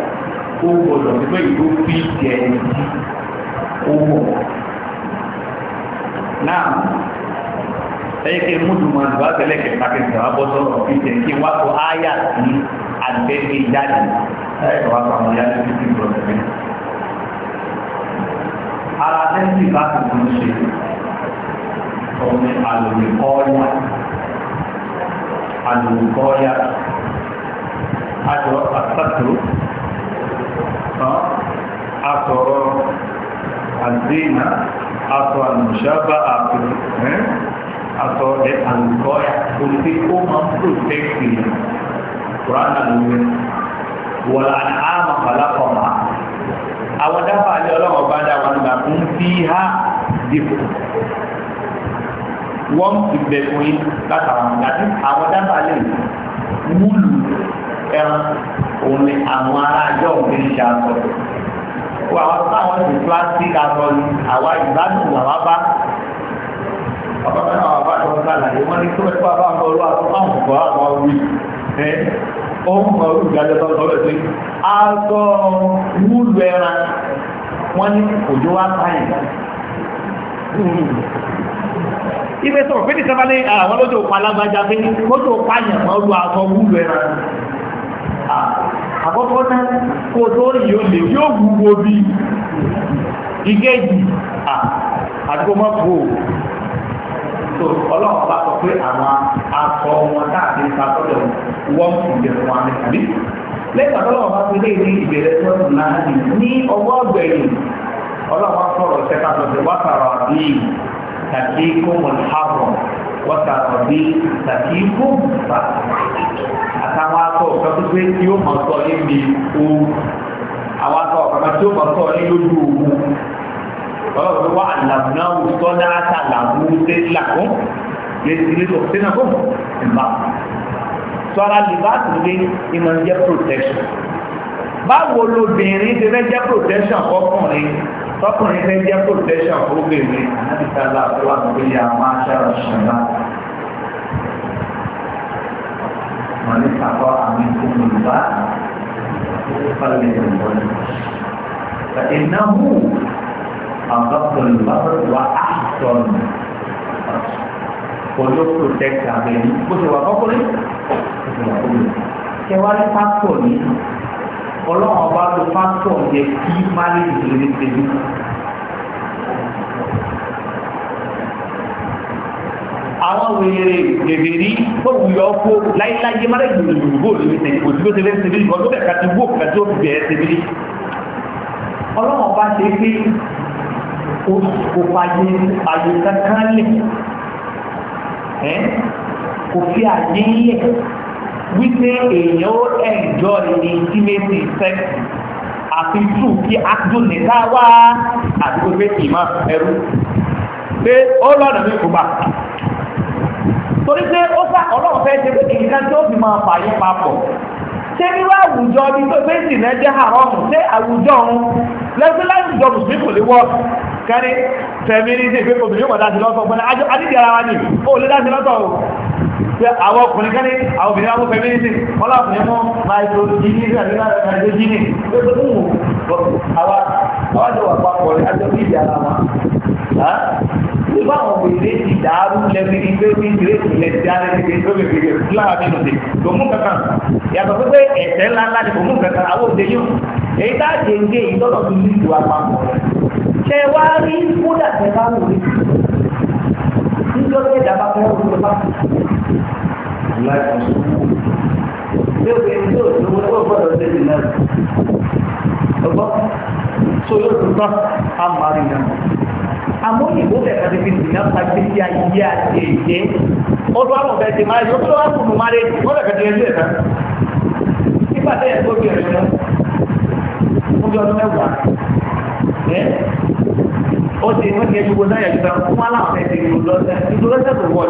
ó gbọ́dọ̀ nígbà ìlú bí jẹ́ ẹni tí ó wọ̀ náà ẹ̀yẹ́ kí múdù máa dùn àtẹ́lẹ̀ kẹta kí n sọ̀rọ̀ bọ́ sọ̀rọ̀ fi tẹ̀ kí wá kó áyà sí àgbẹ̀gbẹ̀ jáde ẹ̀yẹ́ wá kó àwọn yára sí ti gbọ́dọ̀ mi. ara tẹ́sí bá tuntun ṣe ọ̀nà àlòmíkọ́ọ́yà àlòmíkọ́ọ́yà àjọ àtàtò àtọ̀rọ̀ àdéhìnà àtọ̀ àlùmíṣàbà àpò ẹ̀ atau di angkoya untuk memproteksi Quran dan Nabi wala an'ama khalaqama awa dafa ala Allah wa bada wa nga kumfiha jifu wam ibe kata orang nga awak awa dafa mulu er ume amwara jom di shato wa wa sawa si plastik atoli awak ibadu wa waba àbábá náà wà bá tó ń sàlàyé wọ́n ní tó ẹ fún àbá ọmọ olúwa tó máa ń kọ́ àwọn wí ẹ ohun kan orí ìdájọ́ tó ń sọ pé aṣọ wúlù ẹran wọ́n ní òjò wá sáyìn ibe sọ̀rọ̀ pé nìkan bá ní àwọn lójó pa alágbájá pé mọ́tò pààyàn máa lu aṣọ wúlò ẹran àkọ́kọ́ náà kó tó rí yóò lè yóò wúwo bí ìgéjì àti kó má bò tó ọlọ́run bá sọ pé àwọn aṣọ wọn káàdé ta sọ́dọ̀ wọ́n kù jẹ fún wa níbi. lẹ́yìn ọlọ́run bá fi léyìn ní ìbẹ̀rẹ̀ tó ń náà ní ní ọwọ́ ọ̀gbẹ̀yìn ọlọ́run sọ̀rọ̀ ṣẹ́ta sọ̀tẹ̀ wátàrà bí tàbí kómọ̀lì hàbọ̀ wátàrà bí tàbí kómọ̀lì àtàwọn akọ ọ̀kan tó pé yóò mọ̀ sọ níbi ooru àwọn akọ ọ̀kan tó mọ̀ sọ ní lójú ooru ọlọ́run wà àlàmúnáwù sọ́dá àtàlàmúnúté làkún lẹ́sìlẹ́sọ̀ sínàkó ìbá sọ́ra libáàtì lé ìmọ̀ jẹ́ protection báwo lobìnrin ti fẹ́ jẹ́ protection fọkùnrin tọkùnrin fẹ́ jẹ́ protection fọkùnrin àti sábà tó wà lórí àwọn aṣáájú ṣọlá wọn ní sàkọ àmì ìkùnlùbá fọlẹ́ ìrìnbọn ìnáwó àbọ̀tọ̀lù wà áṣọ̀nù pọ̀lú protect abẹ́ni bó ṣe wà kọ́kọ́lé kẹwàá pásítọ̀ ní ọlọ́run ọba ló pásítọ̀ yẹ kí máàlì ìdílé ní tẹ́lú àwọn wèrè gègé rí bóun yọ kó láíláyé má lẹ́yìn olùdókòwò lórí tẹ̀lé òdúgbò tẹ̀lé tẹ̀lé ọdún kẹta tó wó kẹta tó bẹ̀ẹ́ tẹ̀lé ọlọ́run ọba ṣe pé kò fàyè àyè kankan lẹ̀ ẹ́ kò fi àyè lẹ̀ wípé èèyàn ó ẹ̀jọ́ ìní tí méjì sẹ́ẹ̀sì àti tù kí ájú nìta wá àdúgbò pé ìmọ̀ ẹ̀rú pé ó lọ́nà mi kò bá torí pé ó sá ọlọ́run fẹ́ ṣe pé nǹkan tí ó fi máa fàyè papọ̀ ṣé nínú àwùjọ bí tó fẹ́ sì náà jẹ́ àrọ́mù ṣé àwùjọ òun lẹ́gbẹ́ láwùjọ mùsùlùmí kò lè wọ́ọ̀tù kẹ́rí fẹ́mínísì pé obìnrin yóò dáti lọ́tọ̀ pẹ́lá adídì ara wa ní ó lè dáti lọ́tọ̀ pé àwọn ọkùnrin kẹ́rí àwọn obìnrin wọn fẹ́mínísì wọ́n láàpùnrin mọ́ máìtò jíní jíní ìbá àwọn òwèrè ti dàárú lẹ́bí ilé ní ìrètí ilẹ̀ tí a lè fi gbé lórí ìgbé láàbí lòdì kò mú kankan yàtọ̀ pé pé ẹ̀sẹ̀ ńlá ńlá ni kò mú kankan àwọn òde yóò èyí tá a jẹ́ ń gé ìtọ́nà tó ní ìlú àpapọ̀ rẹ̀ ṣe wá rí kódà tẹ bá wù mí nítorí ẹ̀dá bá fẹ́ wù mí bá yóò fi ẹni yóò tó wọlé gbọ́dọ̀ tẹ̀lé náà ọgbọ́ tó yóò tó tán á máa rí náà àmọ́ òyìnbó bẹ̀rẹ̀ ti fi dìgbà pa títí ayé àti èdè ọdún àwọn ọ̀bẹ ti máa yọ tó wá fún un máa rí wọ́n bẹ̀rẹ̀ ti ẹjọ́ ẹ̀dá nígbà tẹ́yẹ̀ tó bí ẹ̀rọ mú bí ọdún mẹ́wàá ó ti wọ́n ti ẹjúgbó náà yẹ̀júgbó fún wọn láwọn ẹ̀sìn ìdúlọ́sẹ̀ ìdúlọ́sẹ̀ tó wọ́n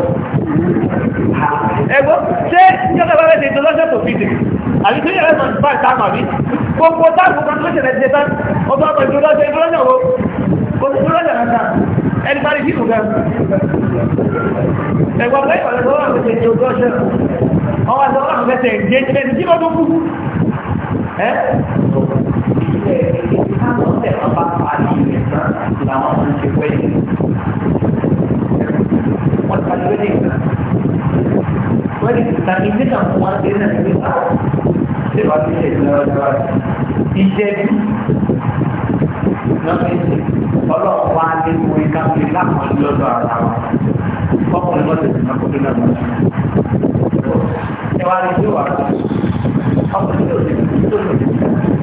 ẹgbọ́ ṣé yọ́ta bá fẹ́ ṣe ìdúlọ́sẹ̀ tó fi dì àbí tó yẹ̀rẹ́ sọ bá ìta àmàbí gbogbo táàbù kan tó ṣẹlẹ̀ ṣe tán ọba ọmọ ìdúlọ́sẹ̀ ìdúlọ́sẹ̀ wo kò sí ìdúlọ́sẹ̀ rẹ̀ tán ẹni bá rí sí ìdúgẹ́ ẹgbọ́ pé ọ̀rẹ́ sọ́wọ́ àwọn ẹ̀sìn ìdúlọ́sẹ̀ ọwọ́ sọ́wọ́ àwọn ẹ̀sìn ìdúlọ́sẹ̀ 对，他们怎么把法律的事儿，然后去规定？我才规定的，所以咱们这种我觉得是啥？这把这些那个一些，那些，包括花的不会干的，那么多多少少，包括我这那不是那么，这玩意儿就完了，他们就是就是。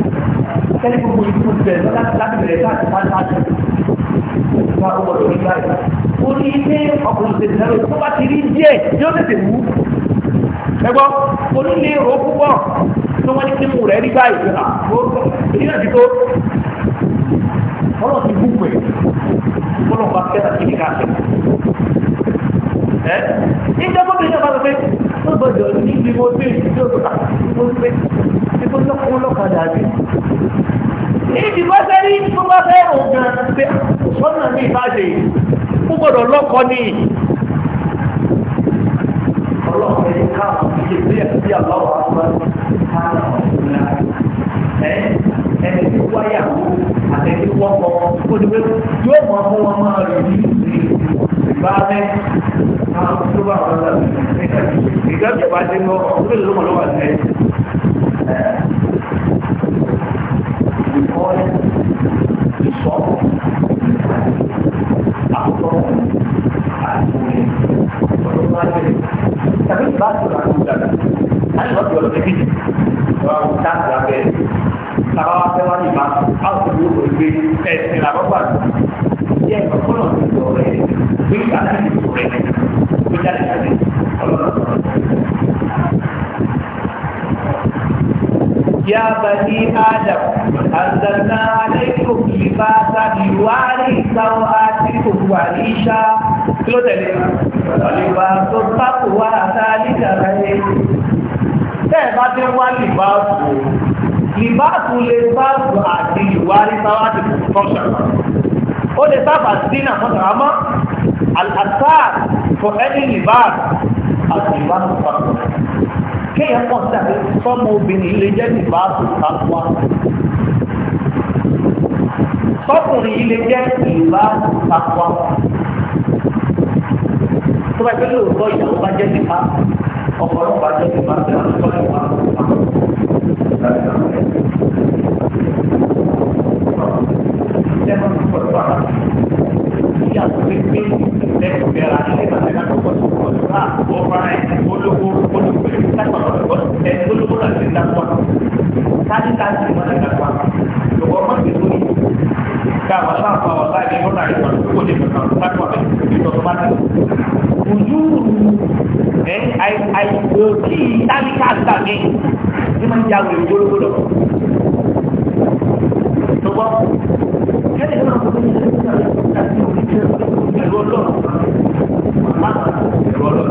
kẹ́lí gbogbo ìlú bẹ̀rẹ̀ láti bẹ̀rẹ̀ láti máa láti ìgbà ọgbọ̀dọ̀ nígbà yìí. ó ní ilé ọkùnrin tètè náà tó bá ti rí díẹ̀ yóò tètè wú. ẹgbọ́ onílé ro púpọ̀ tó wọ́n ní kí mú rẹ̀ rí báyìí náà èyí náà ti tó. ọlọ́run ti gúnpẹ̀ ọlọ́run bá kẹ́ta kí ni ká ṣe. ẹ ìjọba mi náà bá sọ pé ó ní ibi mo dé ìdí níbi bá fẹ́ rí tó bá fẹ́ rùn gan pé sọ́nà mi bá dé ó gbọ́dọ̀ lọ́kọ ní ọlọ́kọ̀ yìí káàmù sí ilé ẹ̀sí àlọ́wọ́ àwọn káàmù ẹ̀ ẹni tó wáyà wò àtẹ̀lé wọ́pọ̀ olùgbé yóò mọ fún wọn máa rè ní ìbáfẹ́ káàmù tó bá wọn lọ sí ìgbàgbọ́ ní ẹ̀. ìṣá kí ló tẹ̀lé ọ̀lìbà tó sápò wá àtà nígbà láyé tẹ́ẹ̀ bá dé wá lìbáàbù lìbáàbù lè báàbù àti ìwárí sáwá ti kọ́ṣà ó lè sábà dínà fún àmọ́ àtàr for any lìbáàbù àti lìbáàbù pàtó kéèyàn pọ̀ sí àti fọ́mọ obìnrin lè jẹ́ lìbáàbù pàtó tọkùnrin ilé jẹ́ ìlú bá pàpọ̀ tó bá gbẹ́lú òótọ́ ìyàwó bá jẹ́ nípa ọ̀pọ̀lọpọ̀ àjọ ìgbà tí wọ́n tọ́ ìwà Kalau sahabat saya ini pernah ikut, ikut di belakang, tak boleh, itu otomatis ojú ẹ àìsí tábìkà gbà mí ní máa ń di àwọn èrò gbólógbóló. Tọ́gbọ́n, kẹ́lẹ́ náà kò ní ìṣẹ́jú náà láti ọ̀rẹ́ ìṣẹ́jú pẹ̀lú ọlọ́run. ẹ̀rọ ọlọ́run.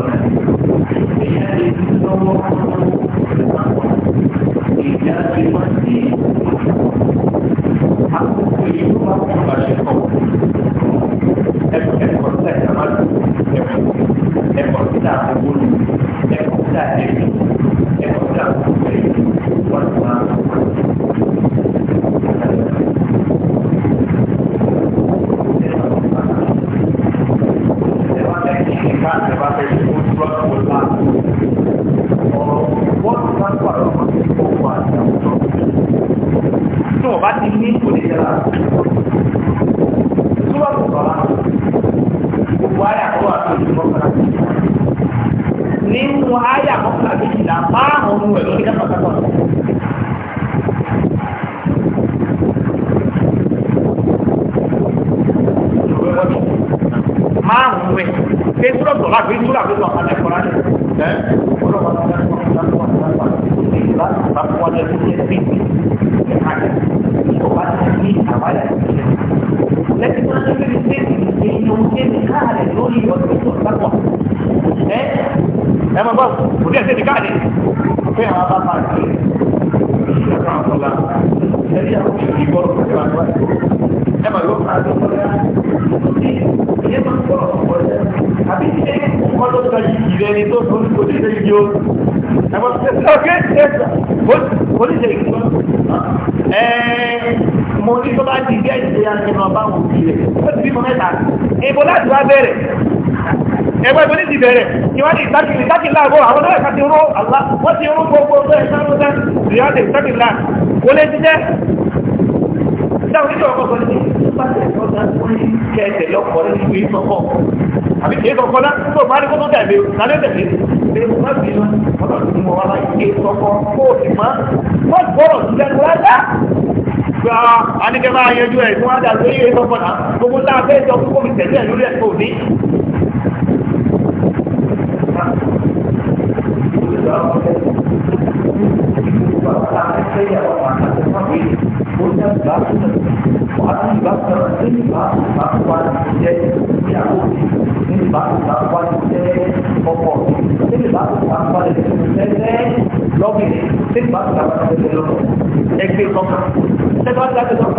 bẹ̀rẹ̀ kí wọ́n lè ìtàkì ìtàkì láàbọ̀ àwọn náà kàti rú àlá wọ́n ti rú gbogbo ọgbọ́ ìsánúdá ìyáde ìtàkì láà kó lè jíjẹ́ ìdáwọ̀lẹ́jọ́ ọkọ̀ ní pàtàkì ọ̀dá tó ń kẹ́ẹ̀tẹ̀ lọ́kọ̀ọ́ nínú ìfọ̀kọ̀ àbí kìí sọ̀kọ́ náà tó bá ní kó tó tẹ̀lé lálẹ́ tẹ̀lé lẹ́nu má bí wọn ọlọ́run mọ̀ wá láyé kìí sọ̀kọ́ máa yanjú ẹ̀ tí wọ́n á dà gbogbo tá fẹ́ jọ kókó mi tẹ̀lé ní za ka samu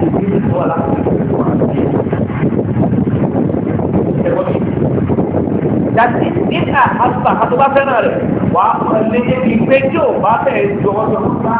àti bí wọ́n láti wọ́n àti ẹ̀wọ́n mi. Dàtí nígbà àtúbà àti bá fẹ́ràn rẹ̀ wà á mọ ilé ibi pé tí ò bá fẹ́ jọ ọ́ lọ bá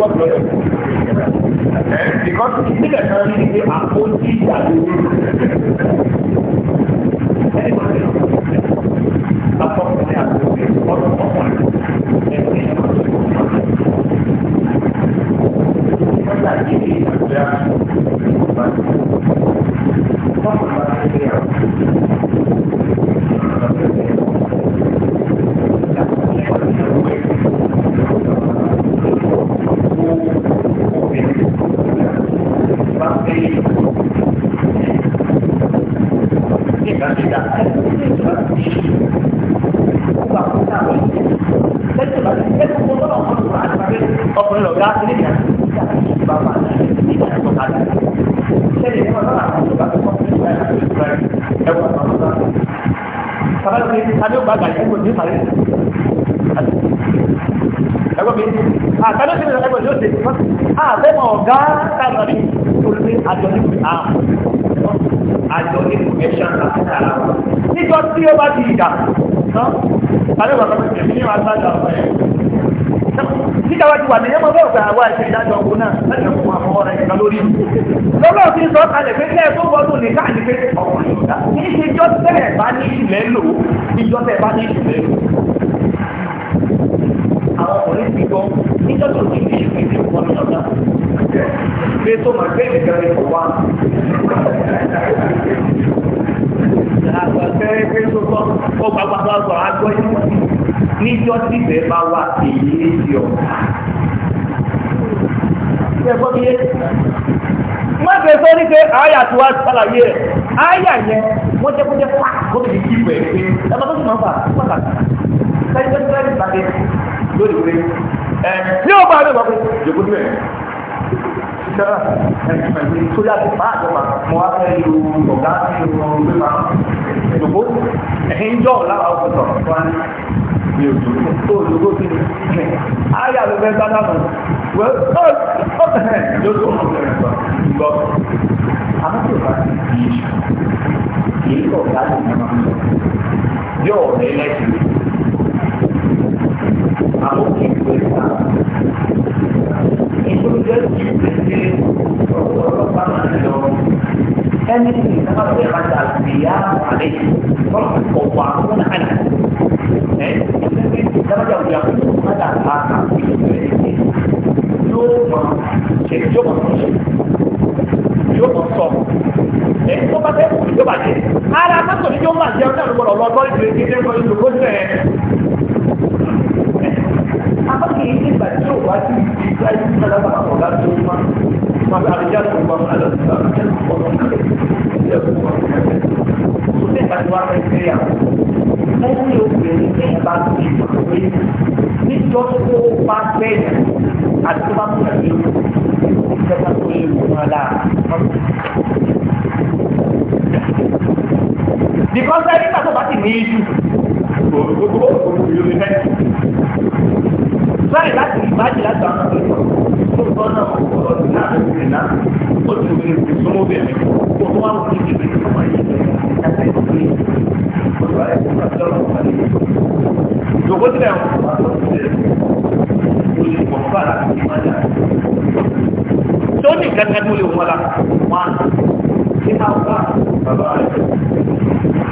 wọ́pọ̀ lọ́dọ̀ ìjọ́tẹ̀ bá ní ìṣẹ̀lẹ̀ àwọn ọkùnrin ti gbọ́ níjọ́ tó ti ní ìṣẹ̀lẹ̀ ìṣẹ̀lẹ̀ wọn ní ọ̀dà pé tó máa gbé ìgbà rẹ̀ kọ̀ wá. àgbàfẹ́ pé tó tọ́ ó gbàgbà sọ àgbọ̀ yìí níjọ́ tí ìfẹ́ bá wà èyí ń yọ. ṣé ẹ gbọ́ mi yé? má fẹ́ sọ ní pé àyà tí wàá ṣàlàyé ẹ̀ àyà yẹn wọ́n jẹ́ kó jẹ́ pa gómìnà yìí ìwẹ̀ pé ẹ̀ma tó sì máa ń fà pàtàkì sẹ́yìn sẹ́yìn ìpàdé lórí pé ẹ̀ tí ó bá rẹ̀ wọ́n pé jòkó ní ẹ̀ sẹ́ra ẹ̀ tó yá ti pa àjọpà mo wá fẹ́ lu ọ̀gá nínú ọgbẹ́ máa jòkó ẹ̀hìn jọ́ lára ọkọ̀ fún wa mi ò dùn tó ológo sí ni ayé àlùfẹ́ sáńdà mọ̀ wẹ́ ọ́ ọ́ ẹ̀ ló tó ọ̀rọ̀ sọ̀rọ̀ gbọ́ bá ti di kì kọ̀ ká lè yóò rẹ lẹ́sìn àwọn kì pè sá ìgbésẹ̀ kì í pèsè ọ̀pọ̀ máa ń lọ ẹni tí ìjọba tó yẹ ká ti yá àlẹ́ lọ́sùn ọ̀pọ̀ àwọn àlẹ́ ẹ̀ ẹ̀ ìjọba tó yẹ ká ti yá àlẹ́ yóò mọ̀ ṣe yóò mọ̀ ṣe yóò mọ̀ sọ̀rọ̀ ní tó bá fẹ́ kù yóò bàjẹ́ ara mọ́tò ní yóò bàjẹ́ ọ̀sẹ̀ ló gbọ́dọ̀ lọ́dọ́ ìgbèrè ní ilé ẹ̀kọ́ ìlú kóṣù ẹ̀. akọ́kì yìí ti bàjẹ́ òwò àti ìgbà yìí ti bàjẹ́ àwọn ọ̀gá tó ń bá wọn àti àbíyá tó ń bá wọn àlọ́ tó ń bá wọn àlọ́ tó ń bá wọn àlọ́ ẹni obìnrin ní ìbá tó ti wà pé níjọ́ tó bá fẹ́ àti tó bá fún ẹ̀mí ìjọba tó lè wọ́n dáa because ẹni náà tó bá sì ní iṣu gbogbo olùyọ mi fẹ́. sọ́ọ̀rì láti ìbájì láti àwọn ọmọ tó ń bọ̀ náà ọ̀rọ̀ náà ló ti náà ó ti wọlé ti súnmọ́ bẹ̀rẹ̀ kó tó wà wọlé ti bẹ̀rẹ̀ fún ayé ẹ̀ka ìdílé olùwà ẹ̀ tó bá tẹ̀ ọ̀rọ̀ wọn ni. ìjọba tí ẹ̀ ń wọ́n tó tó ní ìkẹ́kẹ́ tó lè wọ́n la wọ́n á ní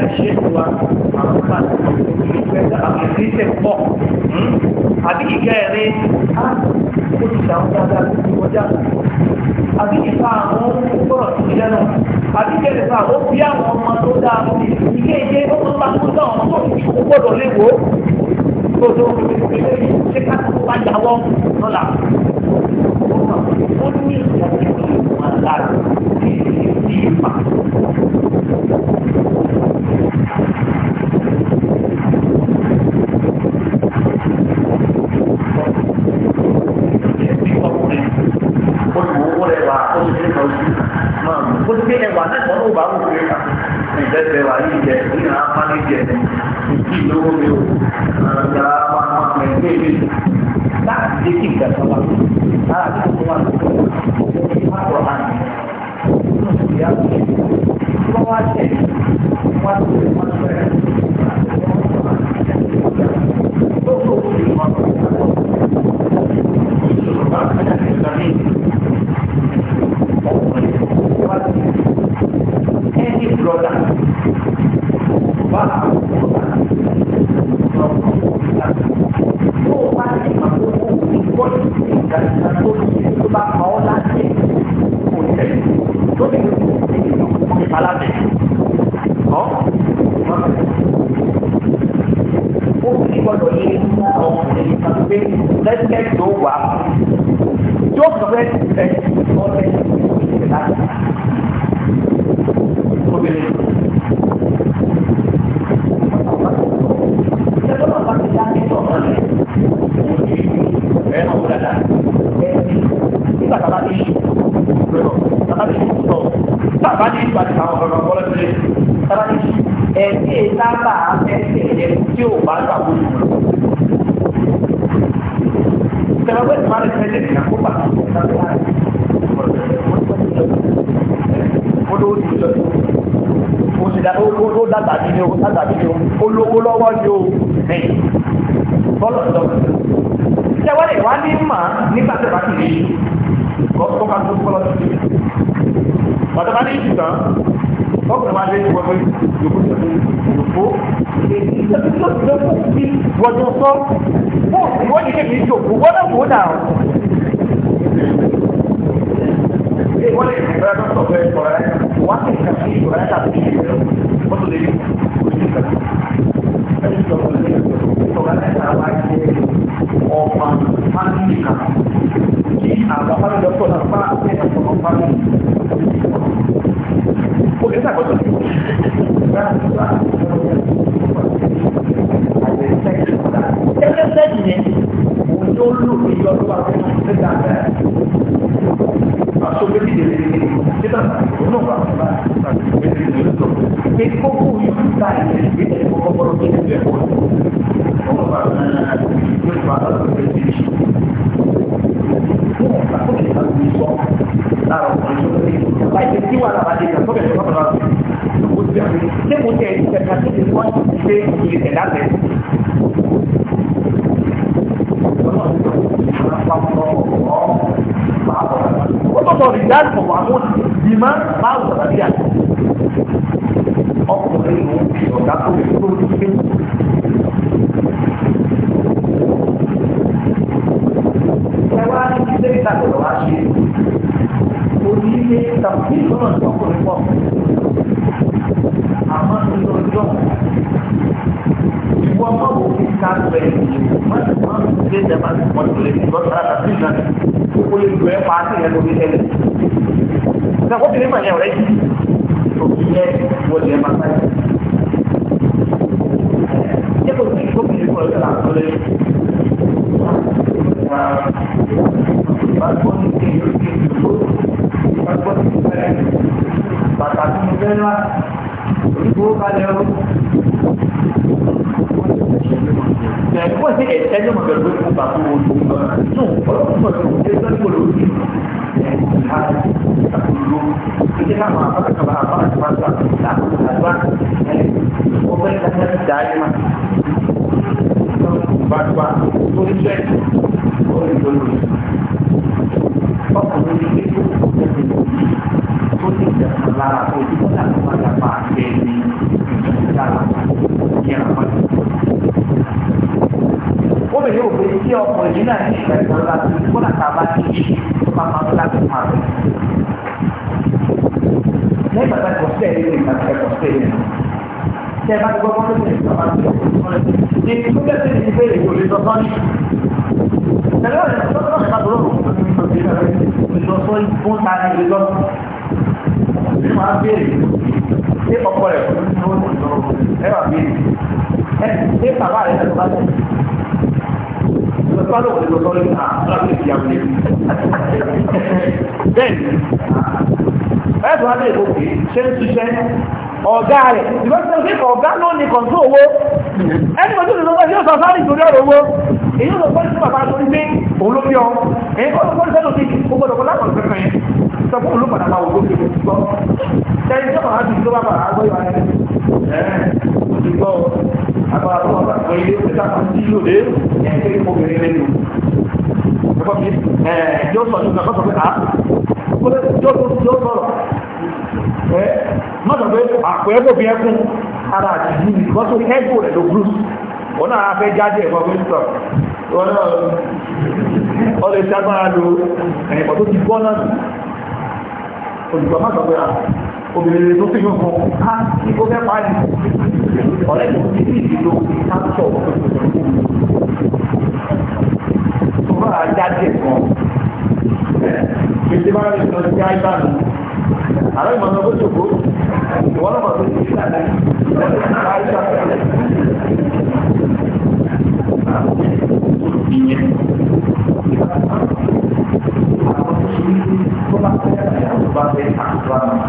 náà ṣe wa àwọn bá ìgbẹ́ta àwọn ìgbésẹ̀ pọ̀ hmm? àbí ìkẹrin á ó ti dà ń dáadáa lórí ọjà àbí ìfà àwọn gbọ́dọ̀ tó jẹ́ náà àbí ìkẹrẹ̀fà ó bí àwọn ọmọ tó dáa lórí ìké ìké ó máa ń gbọ́dọ̀ àwọn tó ti kó gbọ́dọ̀ léwo tó tó ṣe ká tó bá yàwọ́ lọ́la ó ní ìyàwó ìwà lára ní ìdí ìfà. bẹ wà yìí jẹ ní àwọn apáni jẹ ìdí ìlówó mi ò àgbà máa máa mẹ ní èmi láti dé kí ìgbà kan wà láti kó wà lóko wà lọ àná ìyá mi wọ́n wá Vá. wọ́n tó lè gbọ́ sára tàbí náà ó lè lu ẹ̀ pa á sí ẹ̀ lórí ẹ̀ lẹ̀. ṣé wọ́n ti ní màá yẹ ọ̀rẹ́ yìí òkú yẹ wọ́n lè máa sáyé. ṣé kò sí ìfọ́kù ní ìfọ̀ ìfẹ́ làwọn tó lè pàtàkì ìfẹ́ ńlá ìfowópamọ́ na kuma sai ya tsaye magana ko ba ko ko so ko ko ko sai san ko lo ha ta kullu kike ka ma fa ka ba ba ba ta ta ba ko ba ta ta dai ma ba ba ko ni sai ko ni ko ni ko ko ni ko ko ni da sala ko ko ta ma ta ba ke ni ta ọ̀pọ̀ yìí náà ní ìgbà ìgbà ìgbà tó kó làtà bá ti yí tó bá máa láti máa rẹ̀. lẹ́yìn bàtà kò sí ẹ̀rí rẹ̀ bàtà kò sí ẹ̀rí rẹ̀. tẹ́ ẹ bá gbọ́ mọ́tò ní ìjọba tó yẹ kó lọ sí. èyí tó bẹ́ẹ̀ sì ti bẹ́ẹ̀ ìwòye lọ́sọ́ ní. tẹ̀lé ọ̀rẹ́ lọ́sọ́ náà bàbá olóògùn tó ti ń sọ sí ìlọsọ ìbọn ta ní ṣé ọkọ rẹ̀ kò ní ìlú ọ̀rọ̀ ẹ wà bí ṣé bàbá rẹ̀ lọ́sọ̀ bá tẹ̀lé bá lọ òun lọ sọ́ọ́ láti fi àwọn èèyàn. bẹ́ẹ̀ ni ẹ̀sùn adé ìfòkè ṣe ń ṣiṣẹ́ ọ̀gá rẹ̀ ìgbésẹ̀ ọ̀gá ló ní kọ̀ǹtó owó ẹni mọ̀ tó lè lọ́gbà yóò sọ sáré ọ̀rọ̀ owó èyí ló pọ́lì fún bàbá torí pé òun ló bí ọ èyí kọ́ ló pọ́lì sẹ́lò gbogbo ọ̀pọ̀ lápọ̀ Agora, o inglês está contigo dele, é aquele movimento nenhum. Eu falo é, Deus só ajuda, agora ah, Deus, Deus, Deus fala. É, mas também, a coisa vem com a radizinha, enquanto o ego é do Bruce. Ou na verdade, eu vou isso, ou não, olha esse agora do, é, mas eu te falo, eu te falo, agora, obìnrin tó fi yún fún ká kí ó fẹ́ parí ọ̀rẹ́ tó ti ní ìdílò ká sọ tó bá a jáde kan gbèsè bá rẹ̀ lọ sí àìbá mi àlọ́ ìmọ̀ náà ó ṣòfò ìwọ́n náà tó ti sílẹ̀ àti àìbá ìyẹn. Thank you. ဘာပဲသာသွားမှာ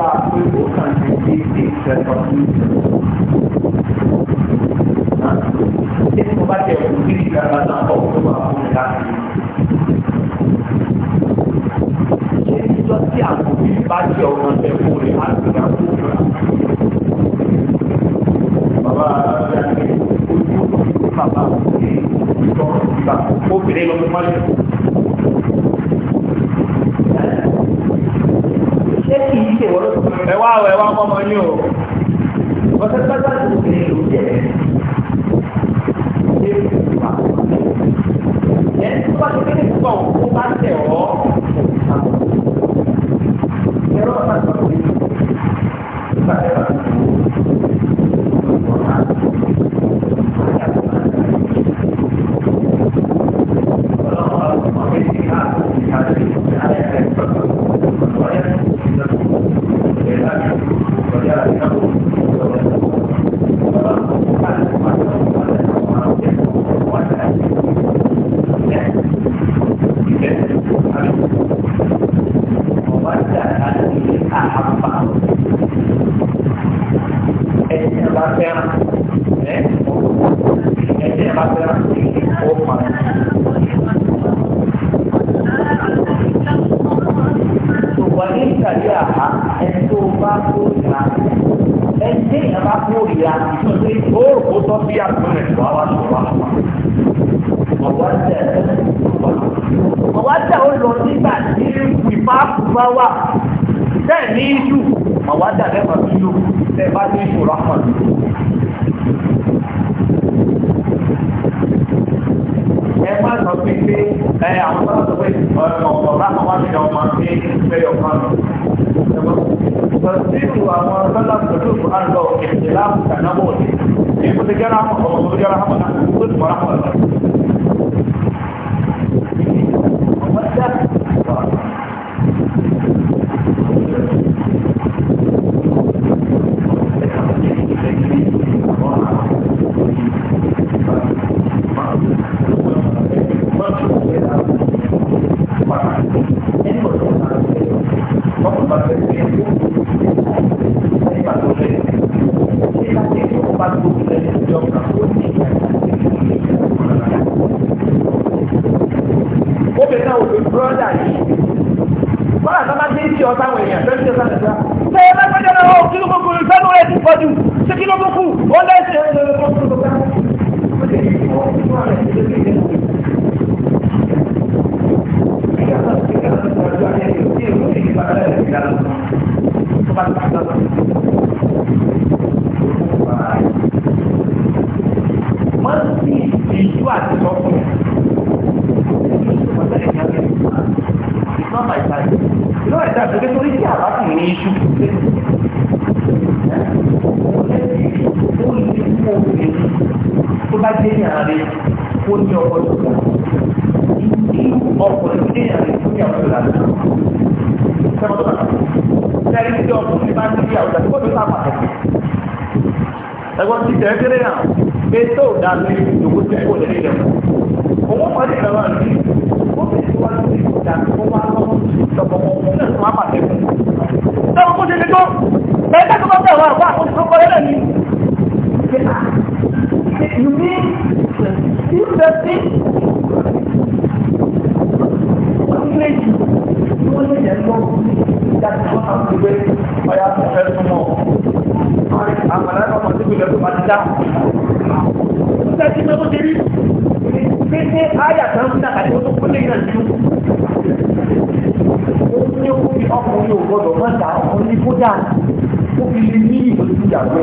dá pé ó kàn ti di ìṣẹ̀lẹ̀ ọdún Ṣé mo bá jẹ òkú bí ìgbà bá náà ọ̀hún tó máa fún mi láti? Ṣé ìjọ tí àwọn òbí bá jẹ ọmọ ẹ̀kọ́ rẹ̀ á ti gbà fún mi? Bàbá rẹ̀ ojú bàbá òkè ìtọ́ ìgbà obìnrin lọ́mọ máa ń lò. wá àwẹ̀ wá fọ́mọ ní o. Ọ̀sẹ̀ pẹ́sẹ́ jẹ́ ìyàrá rẹ̀ ó ní ọkọ̀ tó ga ní ọkọ̀ tó ní ìyàrá rẹ̀ tó ní ọkọ̀ lára sẹ́rí tí ọkùnrin bá ní ìyàwó tàbí kóòtù sáà pàtàkì ẹgbọ́n ti tẹ̀ kéré náà pé tó dá lórí ìdòwò tí kò lè rí rẹ̀ owó pàdé ìrọ̀lá rí ó fi síwájú sí ìjà tó wá lọ́wọ́ ìjọba ọmọ náà tó wá pàtàkì. sọ́wọ́n kó ṣe ní tó bẹ́ẹ̀ tẹ́kọ̀ọ́ bẹ̀rẹ̀ wà fún àkóso kọ́lẹ́lẹ́ ni you mean if the thing complete you only get more that is what I'm doing by our professional àwọn alákọ̀ọ́mọ̀ tí kò lè tó máa ti dá. ó fẹ́ kí mẹ́kọ́ dérí pété áyà kan ń dàgbà tí ó tó kólé náà jù. ó ní ó fi ọkùnrin ò gbọdọ̀ máa dà ọkùnrin kó dà ó fi lè ní ìbòjú ìjà pé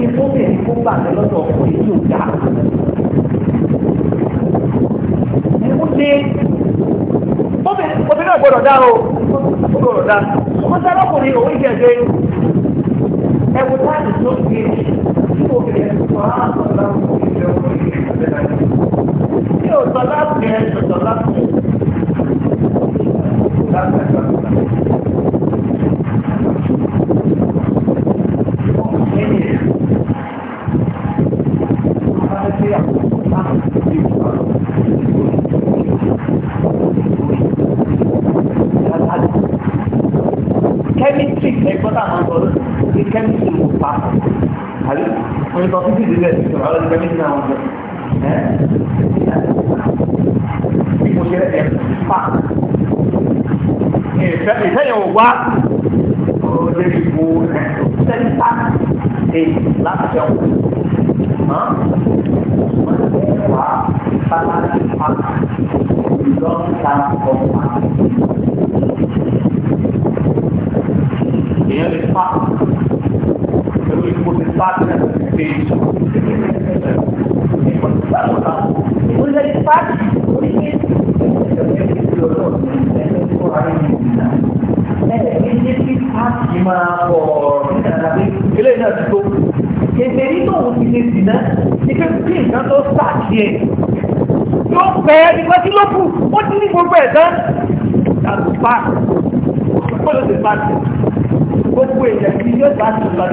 ṣe tó bẹ̀rẹ̀ kó gbà mí lọ́dọ̀ ọkùnrin yóò dá. Ẹ̀kú ṣe obìnrin náà gbọ́dọ̀ dá o, gbọ́dọ̀ dá. Ọmọ sára ọkùnrin òun ìjẹ́ ṣe ẹ̀kú táàdì tó ṣe tí obìnrin ẹ̀kọ́ á sọ láti ìjẹ́ ọkùnrin ìjẹ́ náà. Ṣé o sọ láti ẹ̀ sọ̀tọ̀ láti ẹ̀? wá lórí ìbò sẹ́ńtà ṣe láti ọ̀hún. Wọ́n ti wá bá a lọ sí àwọn ọmọ àwọn. sí ẹ̀ yóò pẹ́ ìgbà tí ló kù ó ti ní gbogbo ẹ̀dá ìdàgbò pa òṣùpọ̀ ló ti bá ti gbogbo èèyàn tí yóò bá ti lọ